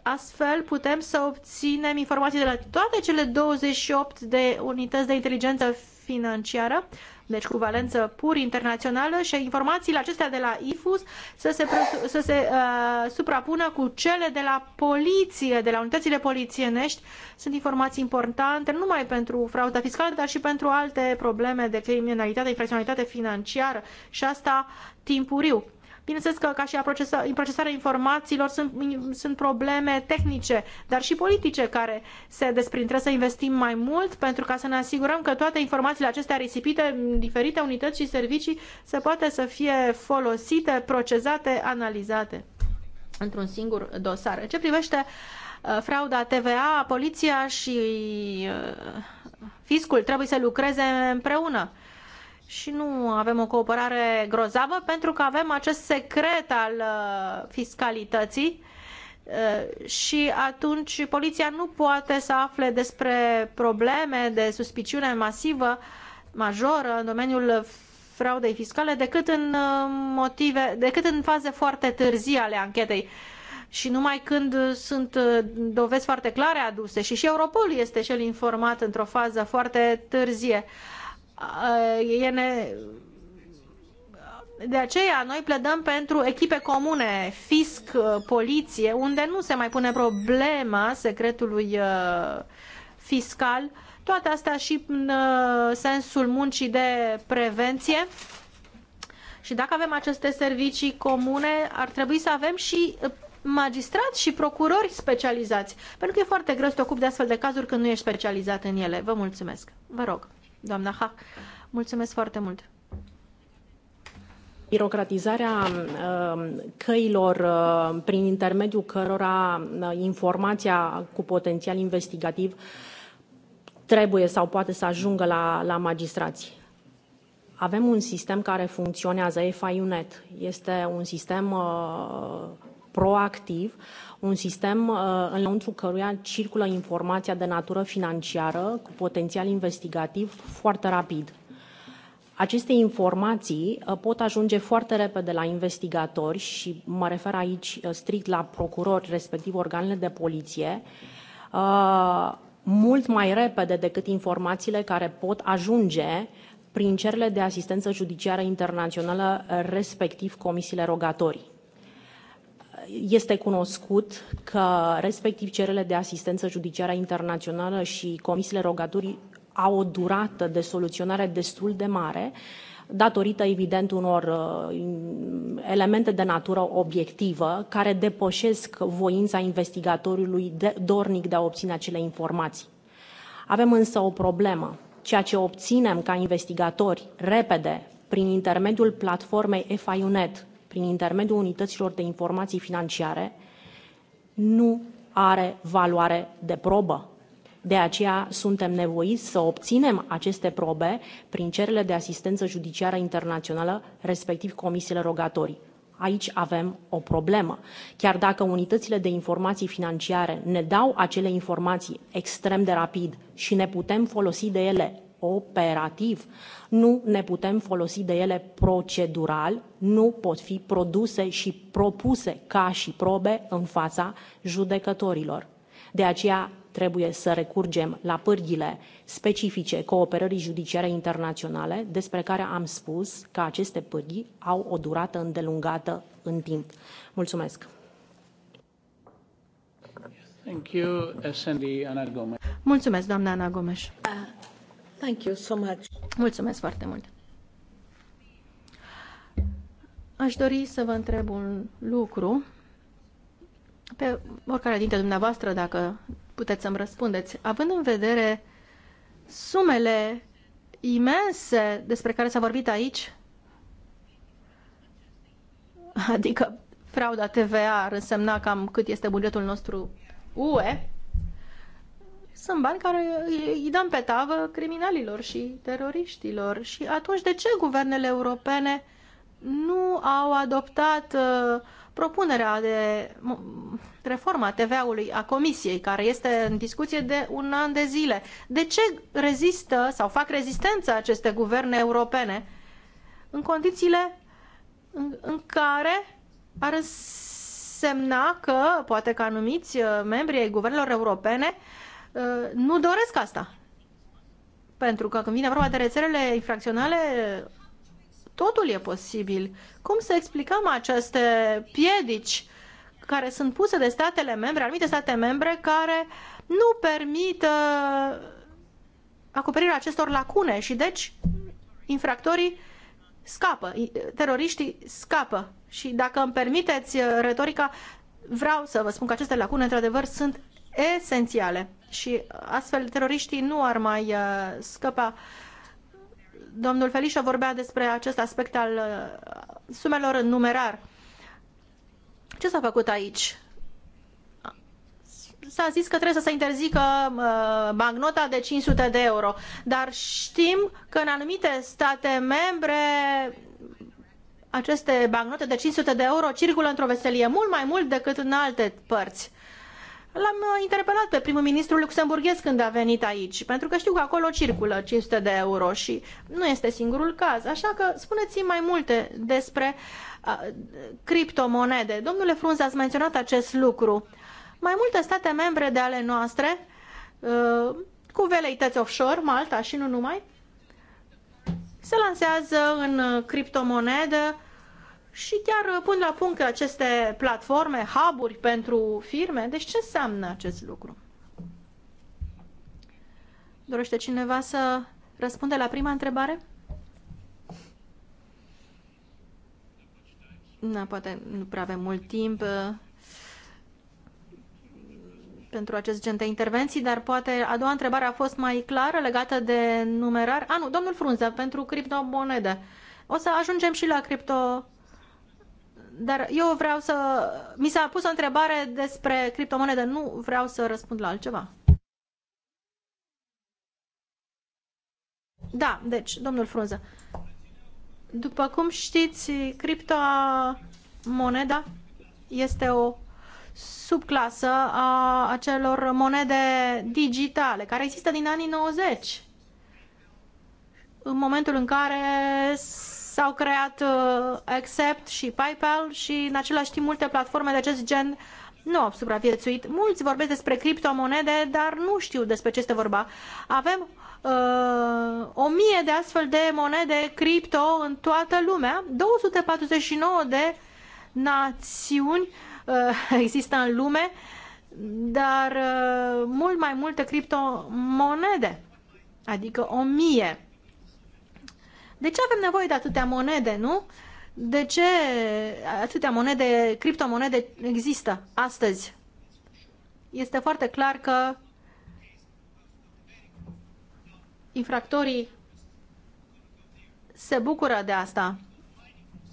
Astfel putem să obținem informații de la toate cele 28 de unități de inteligență financiară deci cu valență pur internațională și informațiile acestea de la IFUS să se, să se uh, suprapună cu cele de la poliție, de la unitățile polițienești. Sunt informații importante nu numai pentru frauda fiscală, dar și pentru alte probleme de criminalitate, infracționalitate financiară și asta timpuriu. Bineînțeles că ca și a procesa, în procesarea informațiilor sunt, sunt probleme tehnice, dar și politice care se desprind. Trebuie să investim mai mult pentru ca să ne asigurăm că toate informațiile acestea risipite în diferite unități și servicii se poate să fie folosite, procesate, analizate într-un singur dosar. Ce privește uh, frauda TVA, poliția și uh, fiscul trebuie să lucreze împreună și nu avem o cooperare grozavă pentru că avem acest secret al uh, fiscalității uh, și atunci poliția nu poate să afle despre probleme de suspiciune masivă, majoră în domeniul fraudei fiscale decât în uh, motive, decât în faze foarte târzii ale anchetei și numai când sunt dovezi foarte clare aduse și și Europol este cel informat într-o fază foarte târzie. Uh, e de aceea noi plădăm pentru echipe comune, fisc, uh, poliție, unde nu se mai pune problema secretului uh, fiscal, toate astea și în uh, sensul muncii de prevenție. Și dacă avem aceste servicii comune, ar trebui să avem și magistrați și procurori specializați, pentru că e foarte greu să te ocupi de astfel de cazuri când nu ești specializat în ele. Vă mulțumesc. Vă rog doamna Ha, Mulțumesc foarte mult! Birocratizarea um, căilor um, prin intermediul cărora um, informația cu potențial investigativ trebuie sau poate să ajungă la, la magistrați. Avem un sistem care funcționează, FIUNET. Este un sistem uh, proactiv uh, un sistem uh, înăuntru căruia circulă informația de natură financiară cu potențial investigativ foarte rapid. Aceste informații uh, pot ajunge foarte repede la investigatori și mă refer aici uh, strict la procurori, respectiv organele de poliție, mult mai repede decât informațiile care pot ajunge prin cererile de asistență judiciară internațională, respectiv comisiile rogatorii. Este cunoscut că respectiv cererile de asistență judiciară internațională și comisiile rogatorii au o durată de soluționare destul de mare, datorită, evident, unor uh, elemente de natură obiectivă care depășesc voința investigatorului de, dornic de a obține acele informații. Avem însă o problemă. Ceea ce obținem ca investigatori repede prin intermediul platformei FIUNET prin intermediul unităților de informații financiare nu are valoare de probă. De aceea suntem nevoiți să obținem aceste probe prin cererile de asistență judiciară internațională, respectiv comisiile rogatorii. Aici avem o problemă. Chiar dacă unitățile de informații financiare ne dau acele informații extrem de rapid și ne putem folosi de ele operativ. Nu ne putem folosi de ele procedural, nu pot fi produse și propuse ca și probe în fața judecătorilor. De aceea trebuie să recurgem la pârghile specifice cooperării judiciare internaționale, despre care am spus că aceste pârghii au o durată îndelungată în timp. Mulțumesc! Mulțumesc, doamna Ana Gomes. Uh, Thank you so much. Mulțumesc foarte mult. Aș dori să vă întreb un lucru pe oricare dintre dumneavoastră, dacă puteți să-mi răspundeți. Având în vedere sumele imense despre care s-a vorbit aici, adică frauda TVA ar însemna cam cât este bugetul nostru UE, sunt bani care îi dăm pe tavă criminalilor și teroriștilor. Și atunci de ce guvernele europene nu au adoptat uh, propunerea de reforma TVA-ului a Comisiei, care este în discuție de un an de zile? De ce rezistă sau fac rezistență aceste guverne europene în condițiile în, în care ar însemna că poate că anumiți uh, membri ai guvernelor europene uh, Uh, nu doresc asta. Pentru că când vine vorba de rețelele infracționale, totul e posibil. Cum să explicăm aceste piedici care sunt puse de statele membre, anumite state membre, care nu permit uh, acoperirea acestor lacune și deci infractorii scapă, teroriștii scapă. Și dacă îmi permiteți uh, retorica, vreau să vă spun că aceste lacune, într-adevăr, sunt esențiale și astfel teroriștii nu ar mai uh, scăpa. Domnul Felișa vorbea despre acest aspect al uh, sumelor în numerar. Ce s-a făcut aici? s-a zis că trebuie să se interzică uh, bancnota de 500 de euro, dar știm că în anumite state membre aceste bancnote de 500 de euro circulă într-o veselie mult mai mult decât în alte părți. L-am uh, interpelat pe primul ministru luxemburghez când a venit aici, pentru că știu că acolo circulă 500 de euro și nu este singurul caz. Așa că spuneți-mi mai multe despre uh, criptomonede. Domnule Frunze, ați menționat acest lucru. Mai multe state membre de ale noastre, uh, cu veleități offshore, Malta și nu numai, se lansează în criptomonedă și chiar uh, pun la punct aceste platforme, hub-uri pentru firme. Deci ce înseamnă acest lucru? Dorește cineva să răspunde la prima întrebare? Na, poate nu prea avem mult timp uh, pentru acest gen de intervenții, dar poate a doua întrebare a fost mai clară legată de numerar. A, nu, domnul Frunză, pentru criptomonede. O să ajungem și la cripto dar eu vreau să... Mi s-a pus o întrebare despre criptomonede, nu vreau să răspund la altceva. Da, deci, domnul Frunză, după cum știți, criptomoneda este o subclasă a acelor monede digitale care există din anii 90 în momentul în care S-au creat uh, Accept și PayPal și în același timp multe platforme de acest gen nu au supraviețuit. Mulți vorbesc despre criptomonede, dar nu știu despre ce este vorba. Avem uh, o mie de astfel de monede cripto în toată lumea, 249 de națiuni uh, (laughs) există în lume, dar uh, mult mai multe criptomonede, adică o mie. De ce avem nevoie de atâtea monede, nu? De ce atâtea monede, criptomonede există astăzi? Este foarte clar că infractorii se bucură de asta.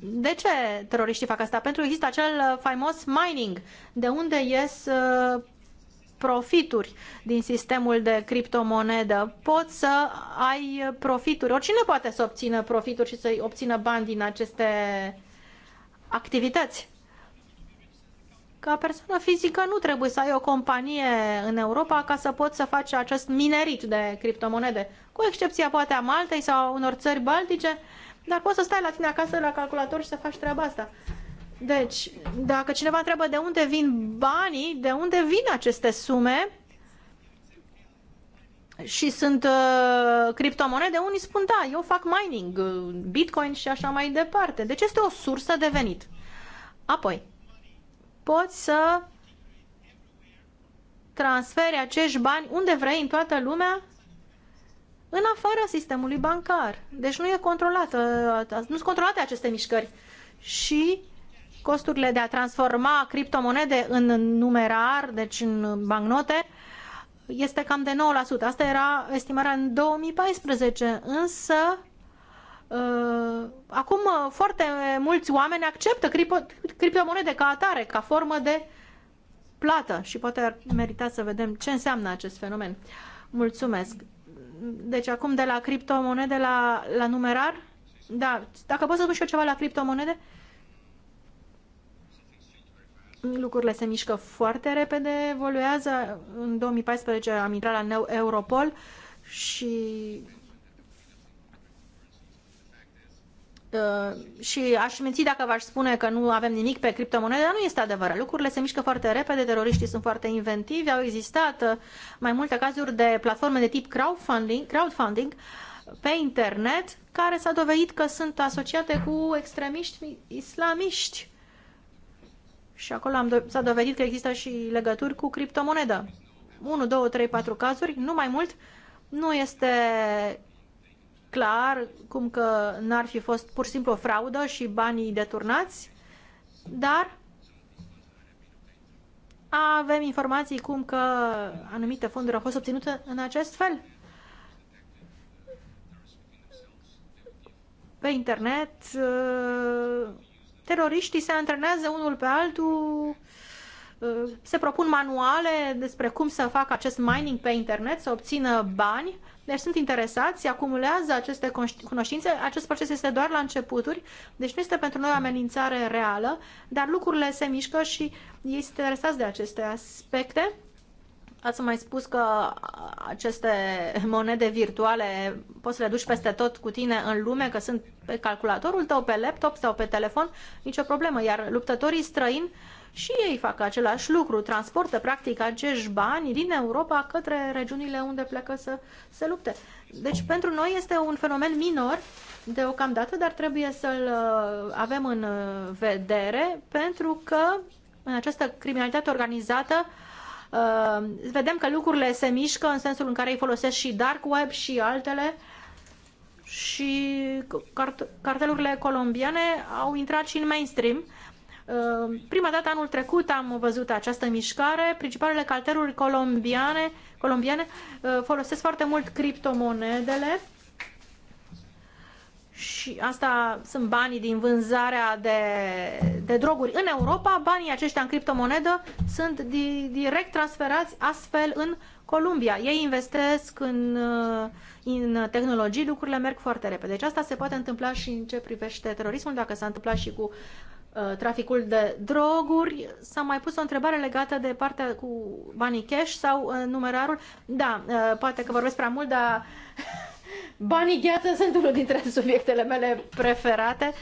De ce teroriștii fac asta? Pentru că există acel faimos mining, de unde ies uh, profituri din sistemul de criptomonedă. Poți să ai profituri. Oricine poate să obțină profituri și să obțină bani din aceste activități. Ca persoană fizică nu trebuie să ai o companie în Europa ca să poți să faci acest minerit de criptomonede, cu excepția poate a Maltei sau a unor țări baltice, dar poți să stai la tine acasă la calculator și să faci treaba asta. Deci, dacă cineva întreabă de unde vin banii, de unde vin aceste sume și sunt uh, criptomonede, unii spun da, eu fac mining, uh, bitcoin și așa mai departe. Deci este o sursă de venit. Apoi, poți să transferi acești bani unde vrei în toată lumea în afara sistemului bancar. Deci nu e controlată, nu sunt controlate aceste mișcări. Și costurile de a transforma criptomonede în numerar, deci în bancnote, este cam de 9%. Asta era estimarea în 2014, însă uh, acum foarte mulți oameni acceptă criptomonede ca atare, ca formă de plată și poate ar merita să vedem ce înseamnă acest fenomen. Mulțumesc! Deci acum de la criptomonede la, la numerar? Da, dacă pot să spun și eu ceva la criptomonede? Uh, lucrurile se mișcă foarte repede, evoluează. În 2014 am intrat la Neu Europol și uh, și aș menți dacă v-aș spune că nu avem nimic pe criptomonede, dar nu este adevărat. Lucrurile se mișcă foarte repede, teroriștii sunt foarte inventivi, au existat uh, mai multe cazuri de platforme de tip crowdfunding, crowdfunding pe internet care s-a dovedit că sunt asociate cu extremiști islamiști și acolo am do- s-a dovedit că există și legături cu criptomonedă. 1, 2, 3, 4 cazuri, nu mai mult. Nu este clar cum că n-ar fi fost pur și simplu o fraudă și banii deturnați, dar avem informații cum că anumite fonduri au fost obținute în acest fel. Pe internet uh, teroriștii se antrenează unul pe altul, ă, se propun manuale despre cum să facă acest mining pe internet, să obțină bani, deci sunt interesați, acumulează aceste cunoștințe, acest proces este doar la începuturi, deci nu este pentru noi o amenințare reală, dar lucrurile se mișcă și ei sunt interesați de aceste aspecte. Ați mai spus că aceste monede virtuale poți să le duci peste tot cu tine în lume, că sunt pe calculatorul tău, pe laptop sau pe telefon, nicio problemă. Iar luptătorii străini și ei fac același lucru, transportă practic acești bani din Europa către regiunile unde plecă să se lupte. Deci pentru noi este un fenomen minor deocamdată, dar trebuie să-l uh, avem în uh, vedere pentru că în această criminalitate organizată uh, vedem că lucrurile se mișcă în sensul în care ei folosesc și dark web și altele și cart cartelurile colombiane au intrat și în mainstream. Uh, prima dată anul trecut am văzut această mișcare. Principalele carteluri colombiane, colombiane uh, folosesc foarte mult criptomonedele și asta sunt banii din vânzarea de, de droguri în Europa, banii aceștia în criptomonedă sunt di, direct transferați astfel în Columbia. Ei investesc în, uh, în tehnologii, lucrurile merg foarte repede. Deci asta se poate întâmpla și în ce privește terorismul, dacă s-a întâmplat și cu uh, traficul de droguri. S-a mai pus o întrebare legată de partea cu banii cash sau uh, numerarul. Da, poate că vorbesc prea mult, dar (laughs) Banii gheață sunt unul dintre (laughs) subiectele mele preferate.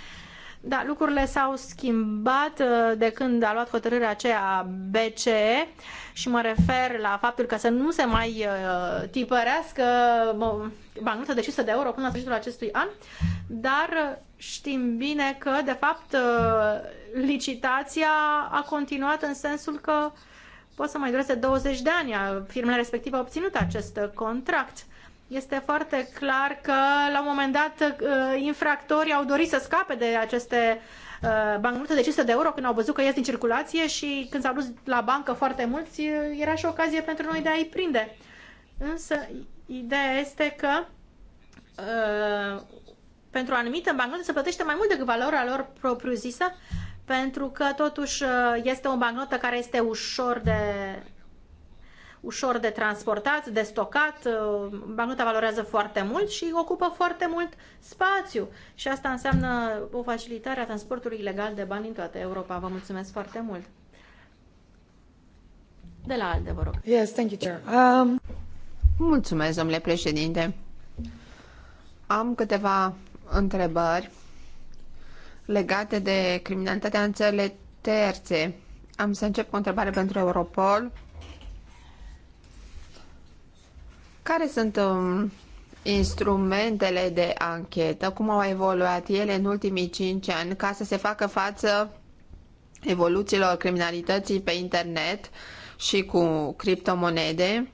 Da, lucrurile s-au schimbat uh, de când a luat hotărârea aceea BCE și mă refer la faptul că să nu se mai uh, tipărească banul de 500 de euro până la sfârșitul acestui an, dar știm bine că, de fapt, uh, licitația a continuat în sensul că poate să mai dureze 20 de ani. Firmele respective au obținut acest contract este foarte clar că la un moment dat uh, infractorii au dorit să scape de aceste uh, bancnote de 500 de euro când au văzut că ies din circulație și când s-au dus la bancă foarte mulți, uh, era și o ocazie pentru noi de a-i prinde. Însă, ideea este că pentru anumite bancnote se plătește mai mult decât valoarea lor propriu-zisă, pentru că totuși este o bancnotă care este ușor de ușor de transportat, de stocat, uh, banuta valorează foarte mult și ocupă foarte mult spațiu. Și asta înseamnă o facilitare a transportului ilegal de bani în toată Europa. Vă mulțumesc foarte mult! De la ALDE, vă rog. Yes, thank you, Chair. Um... Mulțumesc, domnule președinte. Am câteva întrebări legate de criminalitatea în țările terțe. Am să încep cu o întrebare pentru Europol Care sunt um, instrumentele de anchetă? Cum au evoluat ele în ultimii cinci ani ca să se facă față evoluțiilor criminalității pe internet și cu criptomonede?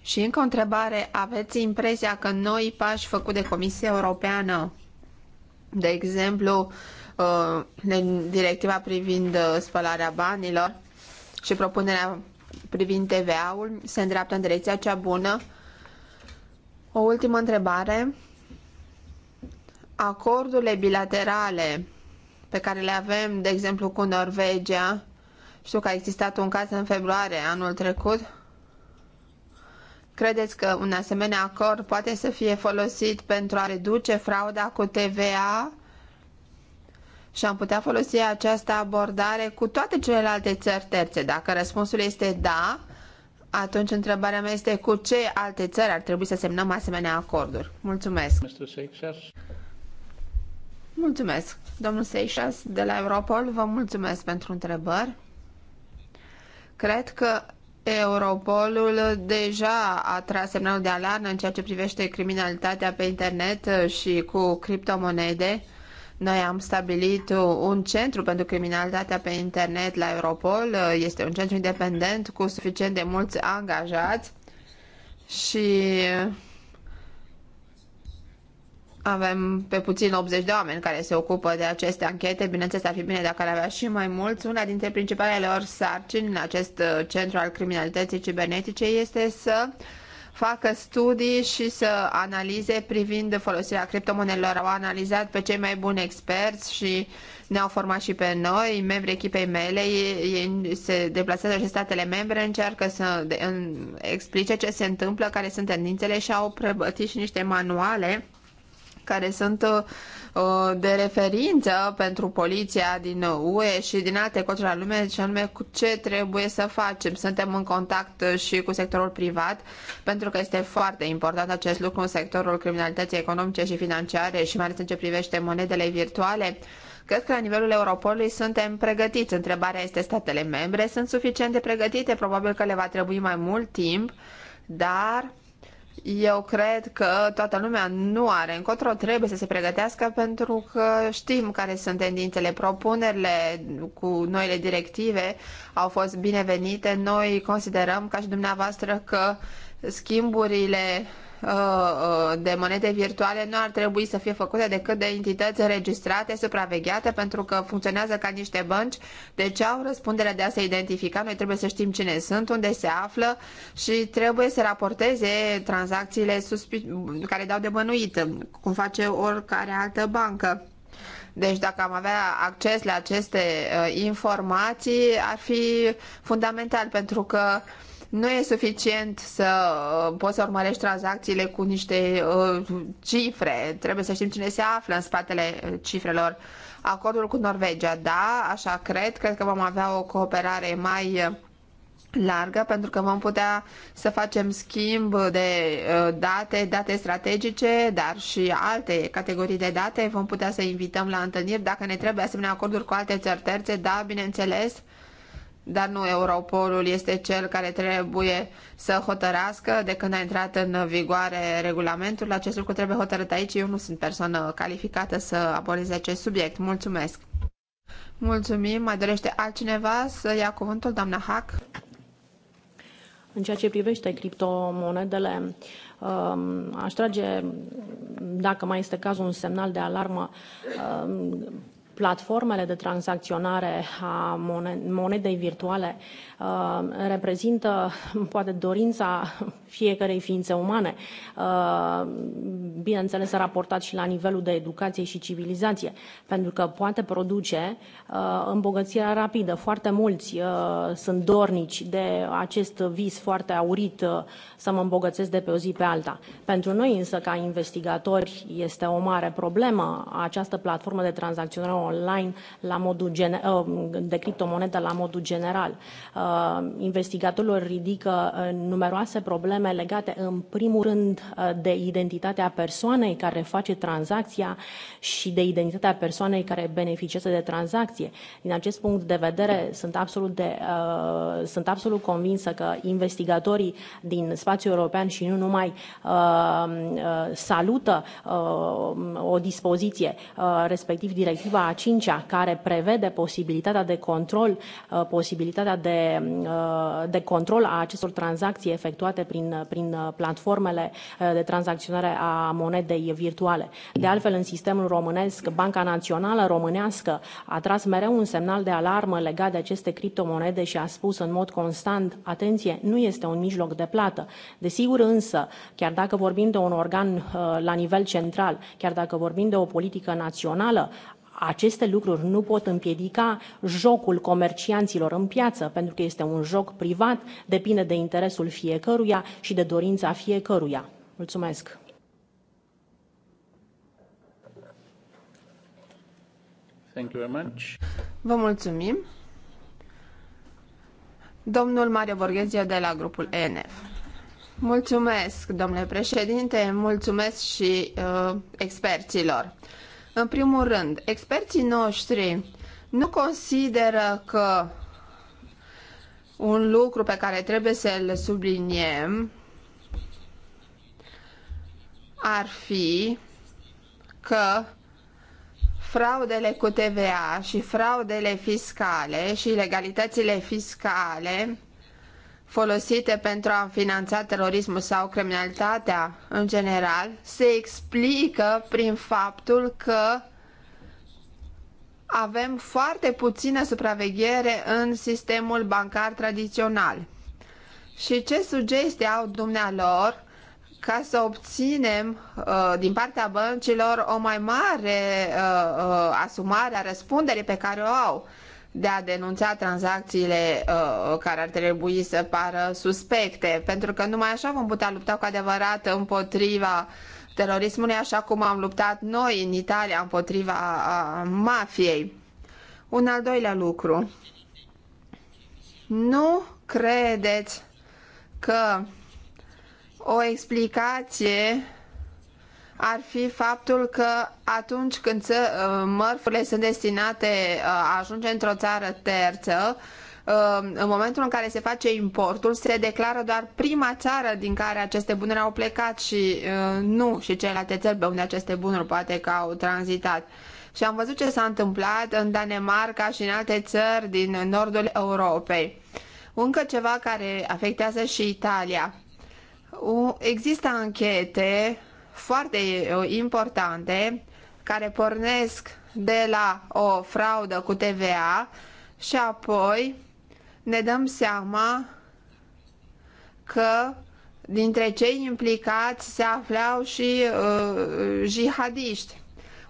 Și încă o întrebare, aveți impresia că noi pași făcuți de Comisia Europeană, de exemplu, uh, directiva privind uh, spălarea banilor și propunerea privind TVA-ul se îndreaptă în direcția cea bună. O ultimă întrebare. Acordurile bilaterale pe care le avem, de exemplu, cu Norvegia, știu că a existat un caz în februarie anul trecut, Credeți că un asemenea acord poate să fie folosit pentru a reduce frauda cu TVA și am putea folosi această abordare cu toate celelalte țări terțe? Dacă răspunsul este da, atunci întrebarea mea este cu ce alte țări ar trebui să semnăm asemenea acorduri? Mulțumesc! Mulțumesc, domnul Seixas de la Europol, vă mulțumesc pentru întrebări. Cred că Europolul deja a tras semnalul de alarmă în ceea ce privește criminalitatea pe internet și cu criptomonede noi am stabilit un centru pentru criminalitatea pe internet la Europol. Este un centru independent cu suficient de mulți angajați și avem pe puțin 80 de oameni care se ocupă de aceste anchete. Bineînțeles, ar fi bine dacă ar avea și mai mulți. Una dintre principalele lor sarcini în acest uh, centru al criminalității cibernetice este să uh, facă studii și să analize privind folosirea criptomonelor. Au analizat pe cei mai buni experți și ne-au format și pe noi, membrii echipei mele. Ei, se deplasează și statele membre, încearcă să explice ce se întâmplă, care sunt tendințele și au pregătit și niște manuale care sunt uh, Uh, de referință pentru poliția din UE și din alte coturi la lume, și anume cu ce trebuie să facem. Suntem în contact și cu sectorul privat, pentru că este foarte important acest lucru în sectorul criminalității economice și financiare și mai ales în ce privește monedele virtuale. Cred că la nivelul Europolului suntem pregătiți. Întrebarea este statele membre sunt suficient de pregătite, probabil că le va trebui mai mult timp, dar eu cred că toată lumea nu are încotro, trebuie să se pregătească pentru că știm care sunt tendințele. Propunerile cu noile directive au fost binevenite. Noi considerăm ca și dumneavoastră că schimburile de monede virtuale nu ar trebui să fie făcute decât de entități înregistrate, supravegheate, pentru că funcționează ca niște bănci, deci au răspunderea de a se identifica. Noi trebuie să știm cine sunt, unde se află și trebuie să raporteze tranzacțiile care dau de bănuit, cum face oricare altă bancă. Deci dacă am avea acces la aceste uh, informații, ar fi fundamental pentru că uh, nu e suficient să uh, poți să urmărești tranzacțiile cu niște uh, cifre. Trebuie să știm cine se află în spatele uh, cifrelor. Acordul cu Norvegia, da, așa cred. Cred că vom avea o cooperare mai largă pentru că vom putea să facem schimb de date, date strategice, dar și alte categorii de date. Vom putea să invităm la întâlniri dacă ne trebuie asemenea acorduri cu alte țări terțe, da, bineînțeles dar nu Europolul este cel care trebuie să hotărască de când a intrat în vigoare regulamentul. Acest lucru trebuie hotărât aici. Eu nu sunt persoană calificată să abordez acest subiect. Mulțumesc! Mulțumim! Mai dorește altcineva să ia cuvântul, doamna Hack? În ceea ce privește criptomonedele, um, aș trage, dacă mai este cazul, un semnal de alarmă um, platformele de tranzacționare a monedei virtuale Uh, reprezintă poate dorința fiecărei ființe umane, uh, bineînțeles raportat și la nivelul de educație și civilizație, pentru că poate produce uh, îmbogățirea rapidă. Foarte mulți sunt dornici de acest vis foarte aurit să mă îmbogățesc de pe o zi pe alta. Pentru noi însă, ca investigatori, este o mare problemă această platformă de tranzacționare online la modul de criptomonedă la modul general. Uh, investigatorilor ridică uh, numeroase probleme legate, în primul rând, uh, de identitatea persoanei care face tranzacția și de identitatea persoanei care beneficiază de tranzacție. Din acest punct de vedere, sunt absolut, de, uh, sunt absolut convinsă că investigatorii din spațiul european și nu numai uh, salută uh, o dispoziție, uh, respectiv directiva a cincea, care prevede posibilitatea de control, uh, posibilitatea de de, control a acestor tranzacții efectuate prin, prin platformele eh, de tranzacționare a monedei virtuale. De altfel, în sistemul românesc, Banca Națională Românească a tras mereu un semnal de alarmă legat de aceste criptomonede și a spus în mod constant, atenție, nu este un mijloc de plată. Desigur însă, chiar dacă vorbim de un organ eh, la nivel central, chiar dacă vorbim de o politică națională, aceste lucruri nu pot împiedica jocul comercianților în piață, pentru că este un joc privat, depinde de interesul fiecăruia și de dorința fiecăruia. Mulțumesc! Thank you very much. Vă mulțumim! Domnul Mario Borghezio de la grupul ENF. Mulțumesc, domnule președinte, mulțumesc și uh, experților. În primul rând, experții noștri nu consideră că un lucru pe care trebuie să-l subliniem ar fi că fraudele cu TVA și fraudele fiscale și ilegalitățile fiscale folosite pentru a finanța terorismul sau criminalitatea în general se explică prin faptul că avem foarte puțină supraveghere în sistemul bancar tradițional. Și ce sugestii au dumnealor ca să obținem uh, din partea băncilor o mai mare uh, uh, asumare a răspunderii pe care o au? de a denunța tranzacțiile uh, care ar trebui să pară suspecte, pentru că numai așa vom putea lupta cu adevărat împotriva terorismului, așa cum am luptat noi în Italia împotriva uh, mafiei. Un al doilea lucru. Nu credeți că o explicație ar fi faptul că atunci când uh, mărfurile sunt destinate uh, a ajunge într-o țară terță, uh, în momentul în care se face importul, se declară doar prima țară din care aceste bunuri au plecat și nu și celelalte țări pe unde aceste bunuri poate că au tranzitat. Și am văzut ce s-a întâmplat în Danemarca și în alte țări din nordul Europei. Încă ceva care afectează și Italia. Există anchete foarte uh, importante care pornesc de la o fraudă cu TVA și apoi ne dăm seama că dintre cei implicați se aflau și uh, jihadiști.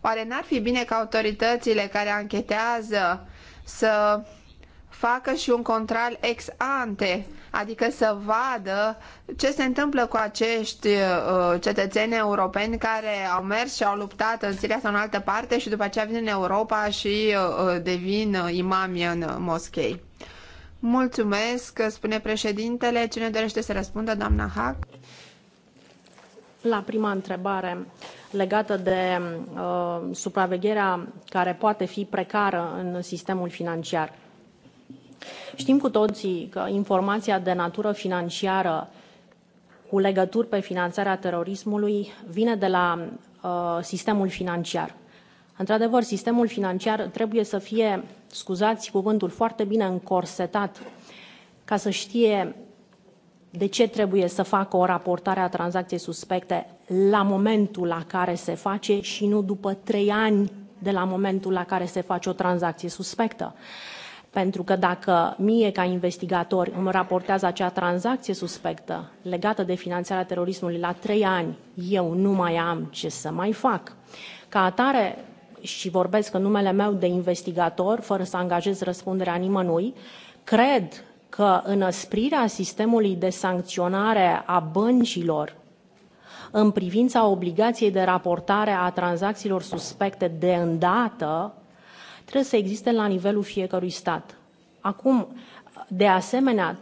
Oare n-ar fi bine ca autoritățile care anchetează să facă și un control ex ante, adică să vadă ce se întâmplă cu acești uh, cetățeni europeni care au mers și au luptat în Siria sau în altă parte și după aceea vin în Europa și uh, uh, devin imami în moschei. Mulțumesc, spune președintele. Cine dorește să răspundă, doamna Hack? La prima întrebare legată de uh, supravegherea care poate fi precară în sistemul financiar. Știm cu toții că informația de natură financiară cu legături pe finanțarea terorismului vine de la uh, sistemul financiar. Într-adevăr, sistemul financiar trebuie să fie, scuzați cuvântul, foarte bine încorsetat ca să știe de ce trebuie să facă o raportare a tranzacției suspecte la momentul la care se face și nu după trei ani de la momentul la care se face o tranzacție suspectă. Uh, pentru că dacă mie, ca investigator, îmi raportează acea tranzacție suspectă legată de finanțarea terorismului la trei ani, eu nu mai am ce să mai fac. Ca atare, și vorbesc în numele meu de investigator, fără să angajez răspunderea nimănui, cred că înăsprirea sistemului de sancționare a băncilor în privința obligației de raportare a tranzacțiilor suspecte de îndată trebuie să existe la nivelul fiecărui stat. Acum, de asemenea,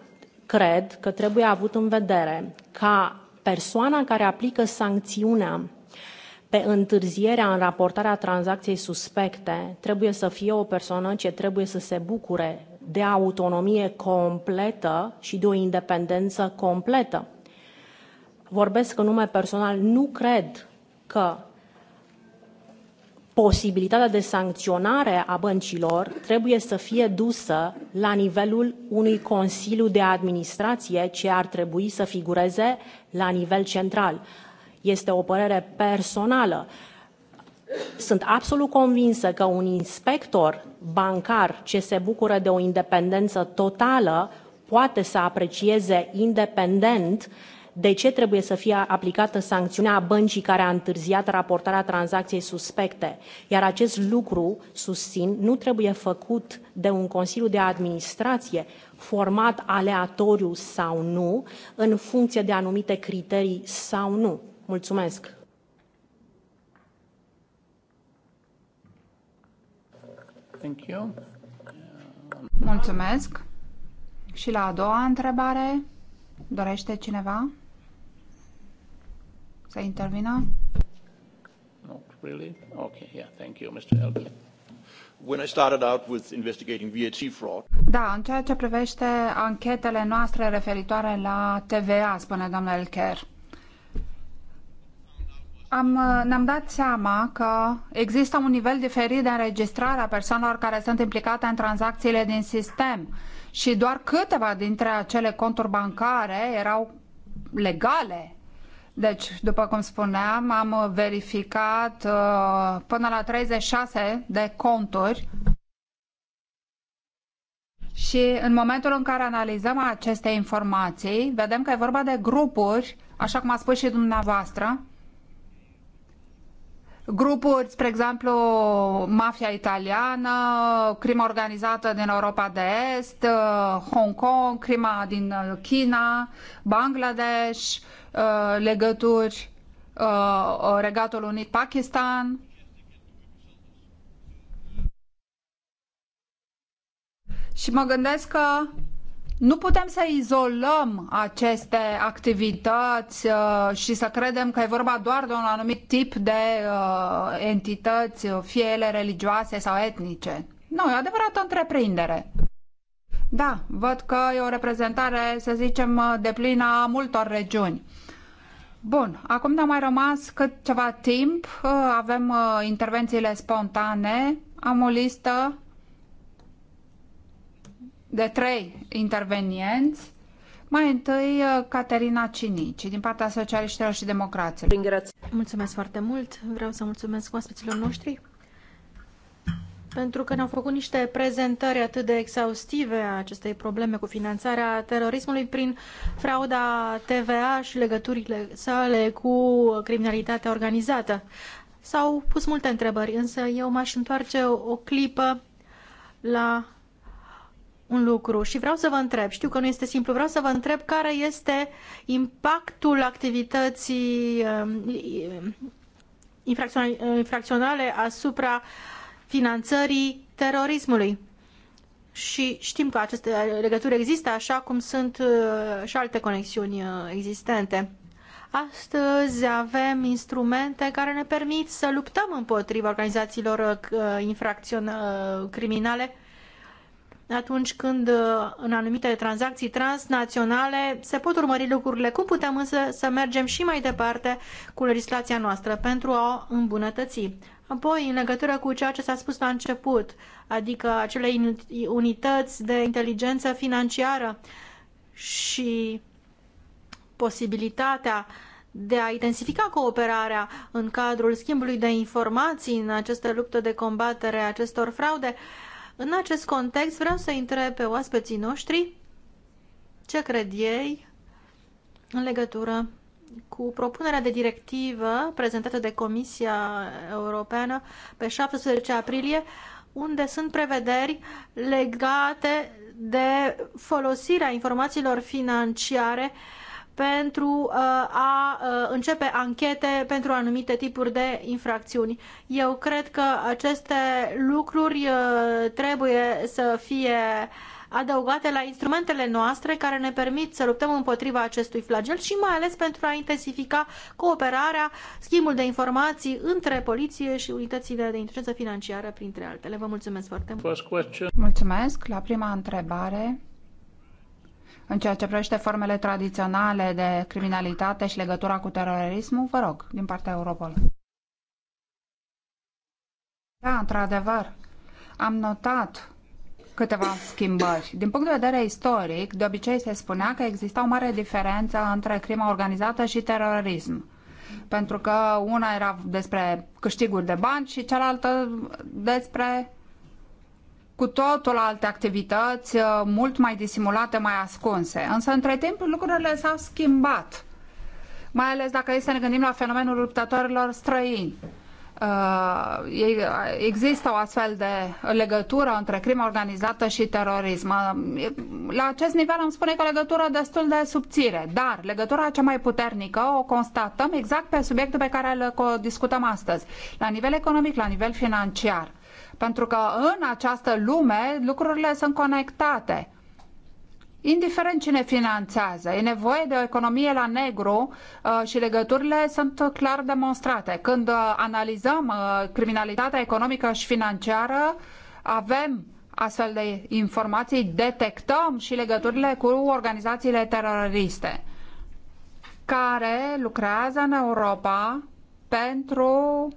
cred că trebuie avut în vedere ca persoana care aplică sancțiunea pe întârzierea în raportarea tranzacției suspecte trebuie să fie o persoană ce trebuie să se bucure de autonomie completă și de o independență completă. Vorbesc în nume personal, nu cred că posibilitatea de sancționare a băncilor trebuie să fie dusă la nivelul unui Consiliu de Administrație ce ar trebui să figureze la nivel central. Este o părere personală. Sunt absolut convinsă că un inspector bancar ce se bucură de o independență totală poate să aprecieze independent uh, de ce trebuie să fie aplicată sancțiunea băncii care a întârziat raportarea tranzacției suspecte iar acest lucru susțin nu trebuie făcut de un consiliu de administrație format aleatoriu sau nu în funcție de anumite criterii sau nu. Mulțumesc! Thank you. Mulțumesc. Și la a doua întrebare, dorește cineva? să intervină? Not really? Okay, yeah, thank you, Mr. Elbe. When I started out with investigating VAT fraud. Da, în ceea ce privește anchetele noastre referitoare la TVA, spune domnul Elker. Am, ne-am dat seama că există un nivel diferit de înregistrare a persoanelor care sunt implicate în tranzacțiile din sistem și doar câteva dintre acele conturi bancare erau legale deci, după cum spuneam, am uh, verificat uh, până la 36 de conturi și în momentul în care analizăm aceste informații, vedem că e vorba de grupuri, așa cum a spus și dumneavoastră, grupuri, spre exemplu, mafia italiană, crima organizată din Europa de Est, uh, Hong Kong, crima din uh, China, Bangladesh, uh, legături Regatul Unit, Pakistan. Și mă gândesc că nu putem să izolăm aceste activități uh, și să credem că e vorba doar de un anumit tip de uh, entități, uh, fie ele religioase sau etnice. Nu, e adevărată întreprindere. Da, văd că e o reprezentare, să zicem, de plină a multor regiuni. Bun, acum ne-a mai rămas cât ceva timp, avem intervențiile spontane, am o listă de trei intervenienți. Mai întâi, uh, Caterina Cinici, din partea Socialiștilor și Democraților. Mulțumesc foarte mult. Vreau să mulțumesc oaspeților noștri pentru că ne-au făcut niște prezentări atât de exhaustive a acestei probleme cu finanțarea terorismului prin frauda TVA și legăturile sale cu criminalitatea organizată. S-au pus multe întrebări, însă eu m-aș întoarce o, clipă la un lucru și vreau să vă întreb, știu că nu este simplu, vreau să vă întreb care este impactul activității um, infracționale asupra finanțării terorismului. Și știm că aceste legături există, așa cum sunt uh, și alte conexiuni uh, existente. Astăzi avem instrumente care ne permit să luptăm împotriva organizațiilor uh, infracționale criminale atunci când uh, în anumite tranzacții transnaționale se pot urmări lucrurile. Cum putem însă să mergem și mai departe cu legislația noastră pentru a o îmbunătăți? Apoi, în legătură cu ceea ce s-a spus la început, adică acele unități de inteligență financiară și posibilitatea de a intensifica cooperarea în cadrul schimbului de informații în această luptă de combatere a acestor fraude, în acest context vreau să întreb pe oaspeții noștri ce cred ei în legătură cu propunerea de directivă prezentată de Comisia Europeană pe 17 aprilie, unde sunt prevederi legate de folosirea informațiilor financiare uh, pentru uh, a uh, începe anchete pentru anumite tipuri de infracțiuni. Eu cred că aceste lucruri uh, trebuie să fie adăugate la instrumentele noastre care ne permit să luptăm împotriva acestui flagel și mai ales pentru a intensifica cooperarea, schimbul de informații între poliție și unitățile de inteligență financiară, printre altele. Vă mulțumesc foarte mult! Mulțumesc! La prima întrebare în ceea ce privește formele tradiționale de criminalitate și legătura cu terorismul, vă rog, din partea Europol. Da, într-adevăr, am notat câteva schimbări. Din punct de vedere istoric, de obicei se spunea că exista o mare diferență între crima organizată și terorism. Pentru că una era despre câștiguri de bani și cealaltă despre cu totul alte activități uh, mult mai disimulate, mai ascunse. Însă, între timp, lucrurile s-au schimbat, mai ales dacă este să ne gândim la fenomenul luptătorilor străini. Uh, uh, există o astfel de legătură între crimă organizată și terorism. La acest nivel am spune că legătură destul de subțire, dar legătura cea mai puternică o constatăm exact pe subiectul pe care îl discutăm astăzi, la nivel economic, la nivel financiar. Pentru că în această lume lucrurile sunt conectate. Indiferent cine finanțează, e nevoie de o economie la negru uh, și legăturile sunt clar demonstrate. Când uh, analizăm uh, criminalitatea economică și financiară, avem astfel de informații, detectăm și legăturile cu organizațiile teroriste care lucrează în Europa pentru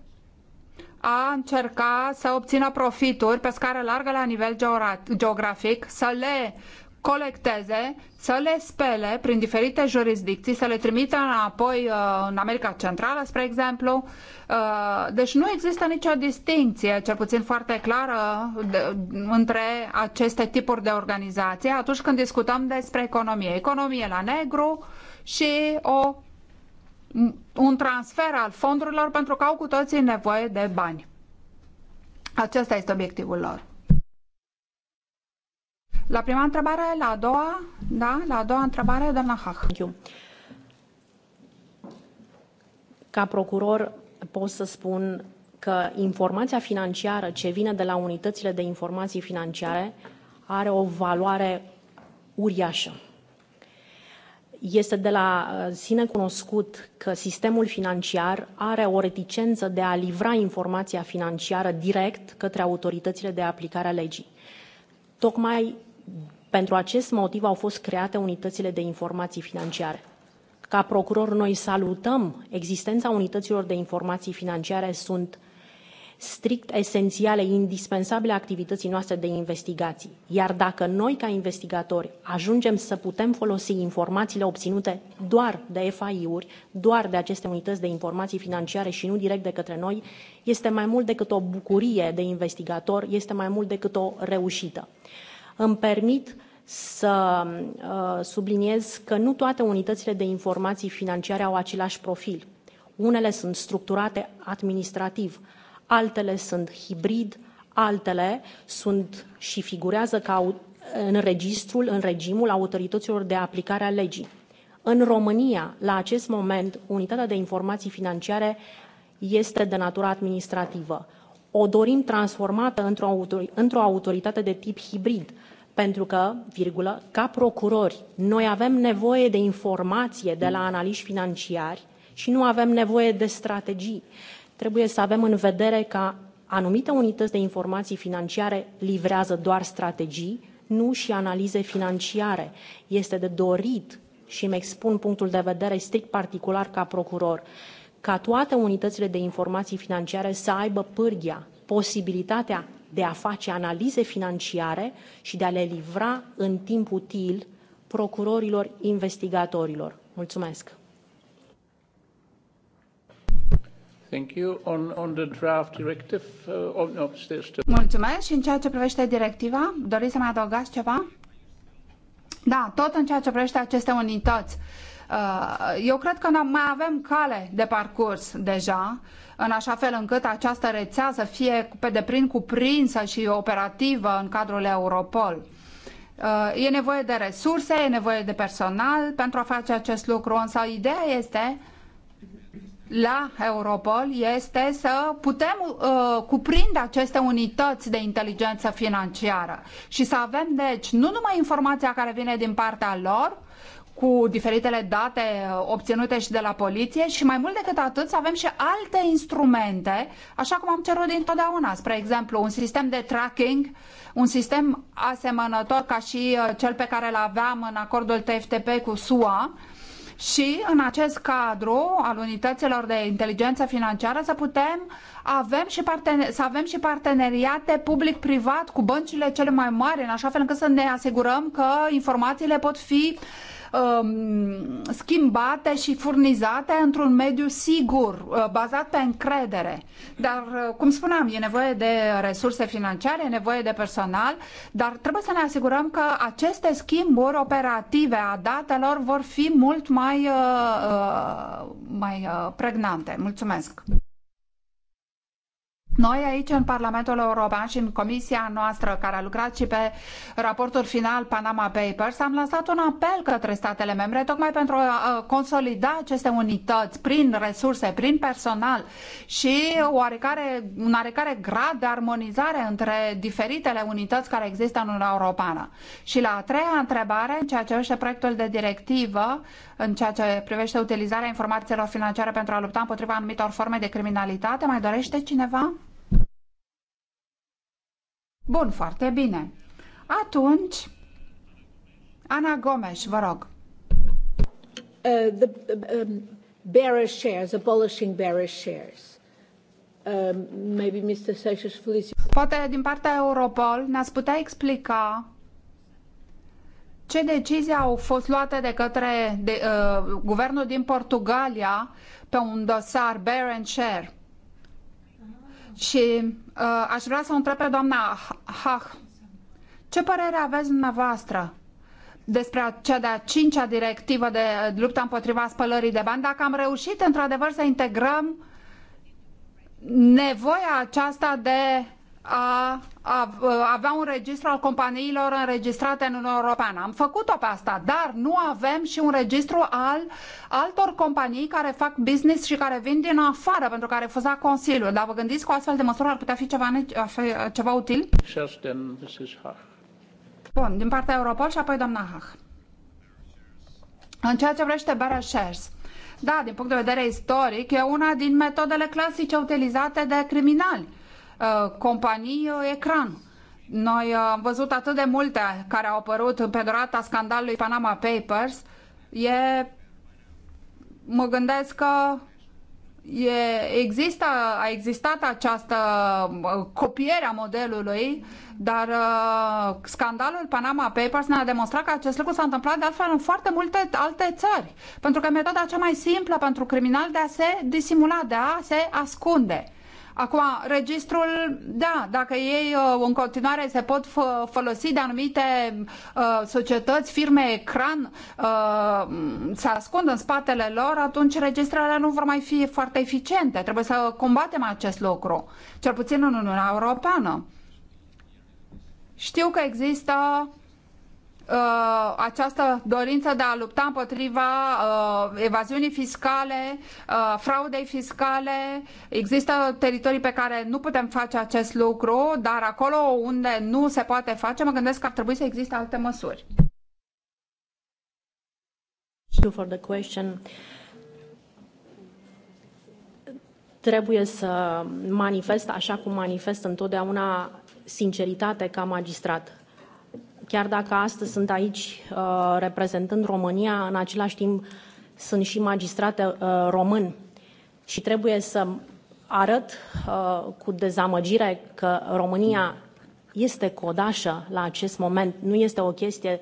a încerca să obțină profituri pe scară largă la nivel geografic, să le colecteze, să le spele prin diferite jurisdicții, să le trimită înapoi uh, în America Centrală, spre exemplu. Uh, deci nu există nicio distinție, cel puțin foarte clară, între aceste tipuri de organizații atunci când discutăm despre economie. Economie la negru și o un transfer al fondurilor pentru că au cu toții nevoie de bani. Acesta este obiectivul lor. La prima întrebare, la a doua, da, la a doua întrebare, doamna Hach. Ca procuror pot să spun că informația financiară ce vine de la unitățile de informații financiare are o valoare uriașă este de la uh, sine cunoscut că sistemul financiar are o reticență de a livra informația financiară direct către autoritățile de aplicare a legii. Tocmai pentru acest motiv au fost create unitățile de informații financiare. Ca procuror, noi salutăm existența unităților de informații financiare, sunt strict esențiale, indispensabile activității noastre de investigații. Iar dacă noi, ca investigatori, ajungem să putem folosi informațiile obținute doar de FAI-uri, doar de aceste unități de informații financiare și nu direct de către noi, este mai mult decât o bucurie de investigator, este mai mult decât o reușită. Îmi permit să uh, subliniez că nu toate unitățile de informații financiare au același profil. Unele sunt structurate administrativ, altele sunt hibrid, altele sunt și figurează ca în registrul, în regimul autorităților de aplicare a legii. În România, la acest moment, unitatea de informații financiare este de natură administrativă. O dorim transformată într-o, într autoritate de tip hibrid, pentru că, virgulă, ca procurori, noi avem nevoie de informație de la analiști financiari și nu avem nevoie de strategii trebuie să avem în vedere că anumite unități de informații financiare livrează doar strategii, nu și analize financiare. Este de dorit și îmi expun punctul de vedere strict particular ca procuror ca toate unitățile de informații financiare să aibă pârghia, posibilitatea de a face analize financiare și de a le livra în timp util procurorilor, investigatorilor. Mulțumesc! Mulțumesc. Și în ceea ce privește directiva, doriți să mai adăugați ceva? Da, tot în ceea ce privește aceste unități. Uh, eu cred că mai avem cale de parcurs deja, în așa fel încât această rețea să fie pe deplin cuprinsă și operativă în cadrul Europol. Uh, e nevoie de resurse, e nevoie de personal pentru a face acest lucru, însă ideea este la Europol este să putem uh, cuprinde aceste unități de inteligență financiară și să avem, deci, nu numai informația care vine din partea lor, cu diferitele date uh, obținute și de la poliție și mai mult decât atât să avem și alte instrumente, așa cum am cerut dintotdeauna, spre exemplu un sistem de tracking, un sistem asemănător ca și uh, cel pe care îl aveam în acordul TFTP cu SUA, și în acest cadru al unităților de inteligență financiară să putem avem și să avem și parteneriate public-privat cu băncile cele mai mari, în așa fel încât să ne asigurăm că informațiile pot fi uh, Um, schimbate și furnizate într-un mediu sigur, uh, bazat pe încredere. Dar, uh, cum spuneam, e nevoie de resurse financiare, e nevoie de personal, dar trebuie să ne asigurăm că aceste schimburi operative a datelor vor fi mult mai, uh, mai pregnante. Mulțumesc! Noi aici în Parlamentul European și în comisia noastră care a lucrat și pe raportul final Panama Papers am lansat un apel către statele membre tocmai pentru a consolida aceste unități prin resurse, prin personal și oarecare, un oarecare grad de armonizare între diferitele unități care există în Uniunea Europeană. Și la a treia întrebare, în ceea ce este proiectul de directivă, în ceea ce privește utilizarea informațiilor financiare pentru a lupta împotriva anumitor forme de criminalitate. Mai dorește cineva? Bun, foarte bine. Atunci, Ana Gomes, vă rog. Uh, the, um, shares, abolishing bearer shares. Uh, maybe Mr. Poate din partea Europol ne-ați putea explica ce decizii au fost luate de către de, uh, guvernul din Portugalia pe un dosar Bear and Share. Și uh, aș vrea să o întreb pe doamna Hach. Ce părere aveți dumneavoastră despre cea de-a cincea directivă de uh, luptă împotriva spălării de bani, dacă am reușit într-adevăr să integrăm nevoia aceasta de a, a, a avea un registru al companiilor înregistrate în Uniunea Europeană. Am făcut-o pe asta, dar nu avem și un registru al altor companii care fac business și care vin din afară, pentru care refuza Consiliul. Dar vă gândiți că o astfel de măsură ar putea fi ceva, ceva util? Bun, din partea Europol și apoi doamna Hach. În ceea ce vrește shares. da, din punct de vedere istoric, e una din metodele clasice utilizate de criminali Uh, companii uh, ecran. Noi uh, am văzut atât de multe care au apărut pe durata scandalului Panama Papers. E, mă gândesc că e, există, a existat această copiere a modelului, dar uh, scandalul Panama Papers ne-a demonstrat că acest lucru s-a întâmplat de altfel în foarte multe alte țări, pentru că metoda cea mai simplă pentru criminal de a se disimula, de a se ascunde. Acum, registrul, da, dacă ei uh, în continuare se pot folosi de anumite uh, societăți, firme, ecran, uh, se ascund în spatele lor, atunci registrele nu vor mai fi foarte eficiente. Trebuie să combatem acest lucru, cel puțin în Uniunea Europeană. Știu că există uh, această dorință de a lupta împotriva uh, evaziunii fiscale, uh, fraudei fiscale. Există teritorii pe care nu putem face acest lucru, dar acolo unde nu se poate face, mă gândesc că ar trebui să existe alte măsuri. For the question. Trebuie să manifest, așa cum manifest întotdeauna, sinceritate ca magistrat chiar dacă astăzi sunt aici uh, reprezentând România, în același timp sunt și magistrate uh, român și trebuie să arăt uh, cu dezamăgire că România este codașă la acest moment. Nu este o chestie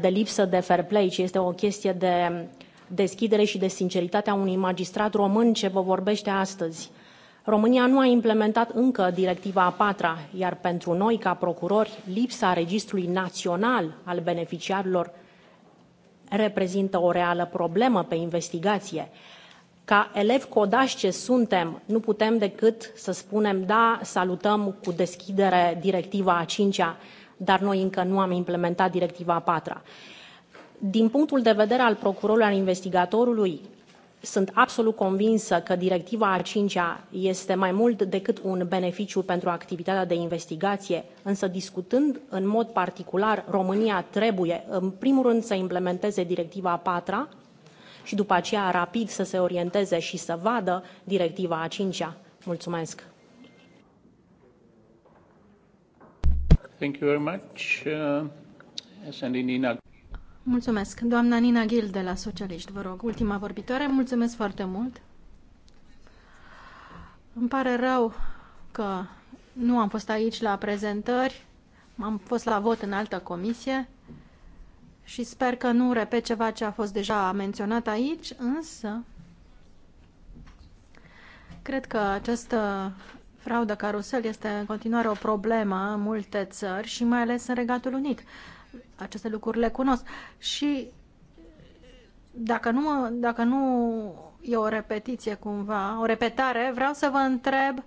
de lipsă de fair play, ci este o chestie de deschidere și de sinceritate a unui magistrat român ce vă vorbește astăzi. România nu a implementat încă directiva a patra, iar pentru noi, ca procurori, lipsa registrului național al beneficiarilor reprezintă o reală problemă pe investigație. Ca elevi codași ce suntem, nu putem decât să spunem da, salutăm cu deschidere directiva a cincea, dar noi încă nu am implementat directiva a patra. Din punctul de vedere al procurorului, al investigatorului, sunt absolut convinsă că directiva a cincea este mai mult decât un beneficiu pentru activitatea de investigație, însă discutând în mod particular, România trebuie în primul rând să implementeze directiva a patra și după aceea rapid să se orienteze și să vadă directiva a cincea. Mulțumesc! Thank you very much. Uh, Mulțumesc. Doamna Nina Ghil de la Socialiști, vă rog, ultima vorbitoare. Mulțumesc foarte mult. Îmi pare rău că nu am fost aici la prezentări, am fost la vot în altă comisie și sper că nu repet ceva ce a fost deja menționat aici, însă cred că această fraudă carusel este în continuare o problemă în multe țări și mai ales în Regatul Unit aceste lucruri le cunosc. Și dacă nu, dacă nu e o repetiție cumva, o repetare, vreau să vă întreb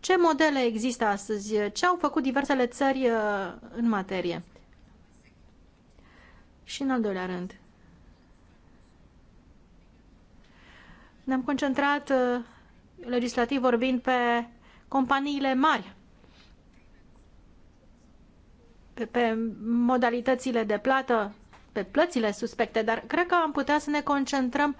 ce modele există astăzi, ce au făcut diversele țări uh, în materie. Și în al doilea rând, ne-am concentrat uh, legislativ vorbind pe companiile mari pe modalitățile de plată, pe plățile suspecte, dar cred că am putea să ne concentrăm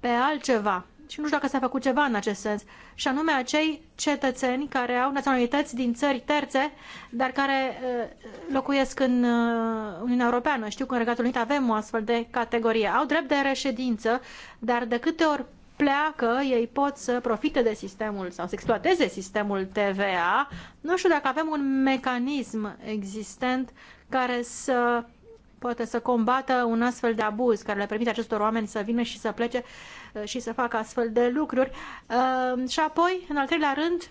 pe altceva. Și nu știu dacă s-a făcut ceva în acest sens. Și anume acei cetățeni care au naționalități din țări terțe, dar care uh, locuiesc în uh, Uniunea Europeană. Știu că în Regatul Unit avem o astfel de categorie. Au drept de reședință, dar de câte ori pleacă, ei pot să profite de sistemul sau să exploateze sistemul TVA. Nu știu dacă avem un mecanism existent care să poate să combată un astfel de abuz care le permite acestor oameni să vină și să plece uh, și să facă astfel de lucruri. Uh, și apoi, în al treilea rând,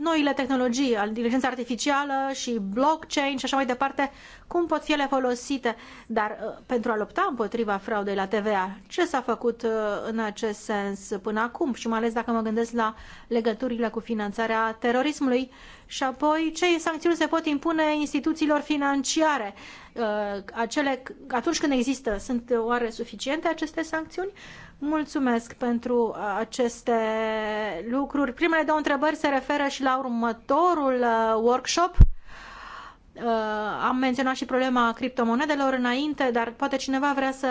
noile tehnologii, inteligența artificială și blockchain și așa mai departe, cum pot fi ele folosite, dar uh, pentru a lupta împotriva fraudei la TVA, ce s-a făcut uh, în acest sens până acum și mai ales dacă mă gândesc la legăturile cu finanțarea terorismului și apoi ce sancțiuni se pot impune instituțiilor financiare, uh, acele, atunci când există, sunt oare suficiente aceste sancțiuni? Mulțumesc pentru uh, aceste lucruri. Primele două întrebări se referă și la următorul uh, workshop. Uh, am menționat și problema criptomonedelor înainte, dar poate cineva vrea să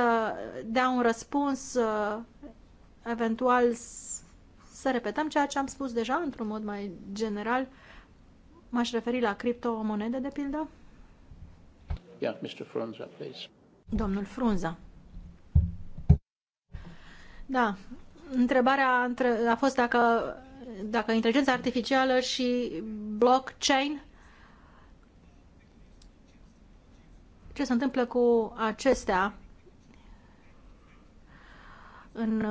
dea un răspuns, eventual să repetăm ceea ce am spus deja într-un mod mai general. M-aș referi la criptomonede, de pildă? Yeah, Mr. Frunza, please. Domnul Frunza. Da, întrebarea a fost dacă, dacă inteligența artificială și blockchain ce se întâmplă cu acestea în,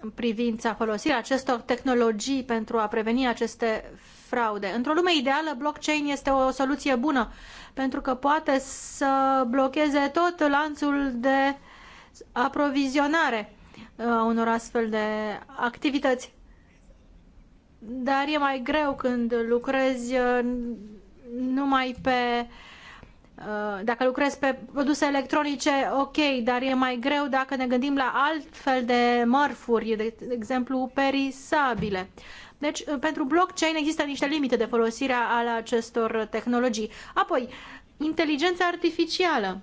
în privința folosirii acestor tehnologii pentru a preveni aceste fraude. Într-o lume ideală, blockchain este o soluție bună pentru că poate să blocheze tot lanțul de aprovizionare a uh, unor astfel de activități. Dar e mai greu când lucrezi uh, numai pe uh, dacă lucrezi pe produse electronice, ok, dar e mai greu dacă ne gândim la altfel de mărfuri, de exemplu perisabile. Deci, pentru blockchain există niște limite de folosire al acestor tehnologii. Apoi, inteligența artificială.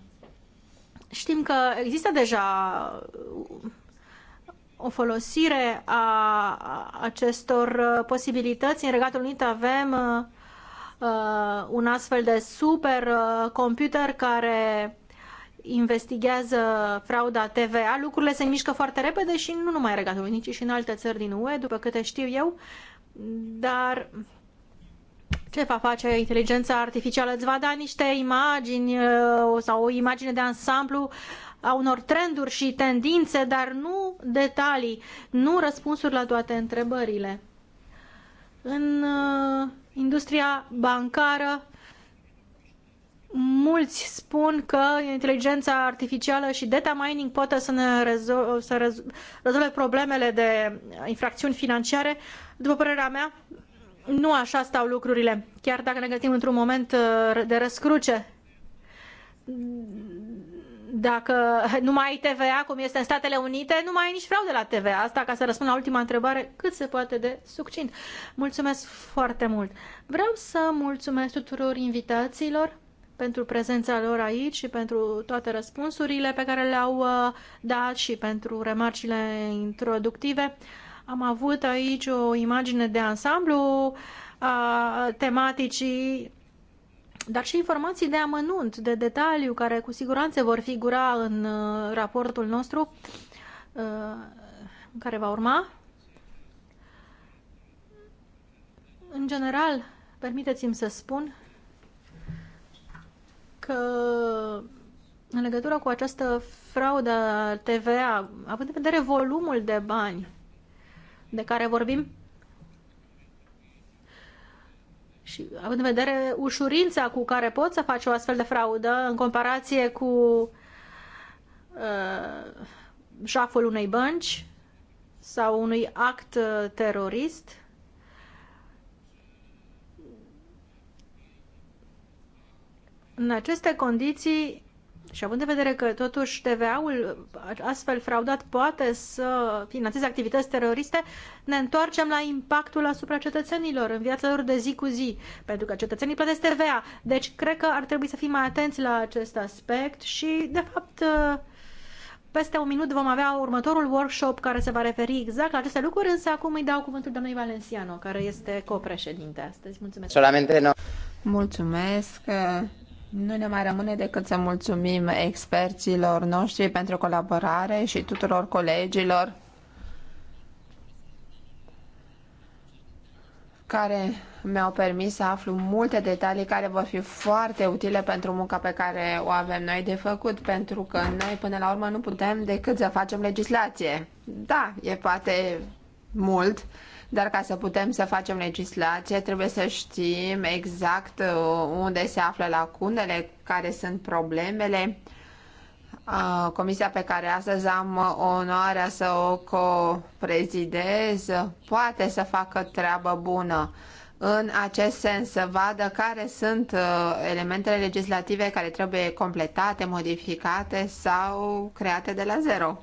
Știm că există deja o folosire a acestor posibilități. În Regatul Unit avem uh, un astfel de super uh, computer care investigează frauda TVA. Lucrurile se mișcă foarte repede și nu numai Regatul Unit, ci și în alte țări din UE, după câte știu eu. Dar ce va face inteligența artificială? Îți va da niște imagini uh, sau o imagine de ansamblu a unor trenduri și tendințe, dar nu detalii, nu răspunsuri la toate întrebările. În uh, industria bancară, mulți spun că inteligența artificială și data mining pot să ne rezol- să rezolve problemele de infracțiuni financiare. După părerea mea, nu așa stau lucrurile, chiar dacă ne găsim într-un moment uh, de răscruce. Dacă nu mai ai TVA, cum este în Statele Unite, nu mai ai nici fraude la TVA. Asta ca să răspund la ultima întrebare, cât se poate de succint. Mulțumesc foarte mult. Vreau să mulțumesc tuturor invitațiilor pentru prezența lor aici și pentru toate răspunsurile pe care le-au uh, dat și pentru remarcile introductive. Am avut aici o imagine de ansamblu a tematicii, dar și informații de amănunt, de detaliu, care cu siguranță vor figura în uh, raportul nostru uh, care va urma. În general, permiteți-mi să spun că în legătură cu această fraudă TVA, având în vedere volumul de bani de care vorbim? Și având în vedere ușurința cu care poți să faci o astfel de fraudă în comparație cu uh, jaful unei bănci sau unui act uh, terorist, în aceste condiții și având în vedere că totuși TVA-ul astfel fraudat poate să finanțeze activități teroriste, ne întoarcem la impactul asupra cetățenilor în viața lor de zi cu zi, pentru că cetățenii plătesc TVA. Deci cred că ar trebui să fim mai atenți la acest aspect și, de fapt, peste un minut vom avea următorul workshop care se va referi exact la aceste lucruri, însă acum îi dau cuvântul doamnei Valenciano, care este copreședinte astăzi. Mulțumesc! Solamente no. Mulțumesc! Nu ne mai rămâne decât să mulțumim experților noștri pentru colaborare și tuturor colegilor care mi-au permis să aflu multe detalii care vor fi foarte utile pentru munca pe care o avem noi de făcut, pentru că noi până la urmă nu putem decât să facem legislație. Da, e poate mult, dar ca să putem să facem legislație trebuie să știm exact uh, unde se află lacunele, care sunt problemele. Uh, comisia pe care astăzi am uh, onoarea să o coprezidez poate să facă treabă bună în acest sens, să vadă care sunt elementele legislative care trebuie completate, modificate sau create de la zero.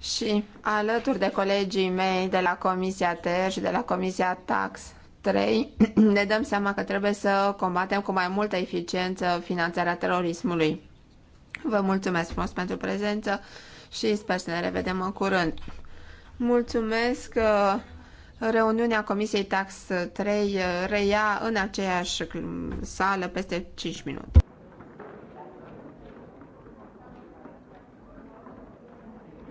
și alături de colegii mei de la Comisia TER și de la Comisia Tax 3, (clears throat) ne dăm seama că trebuie să combatem cu mai multă eficiență finanțarea terorismului. Vă mulțumesc frumos pentru prezență și sper să ne revedem în curând. Mulțumesc! Uh, reuniunea Comisiei Tax 3 uh, reia în aceeași sală peste 5 minute.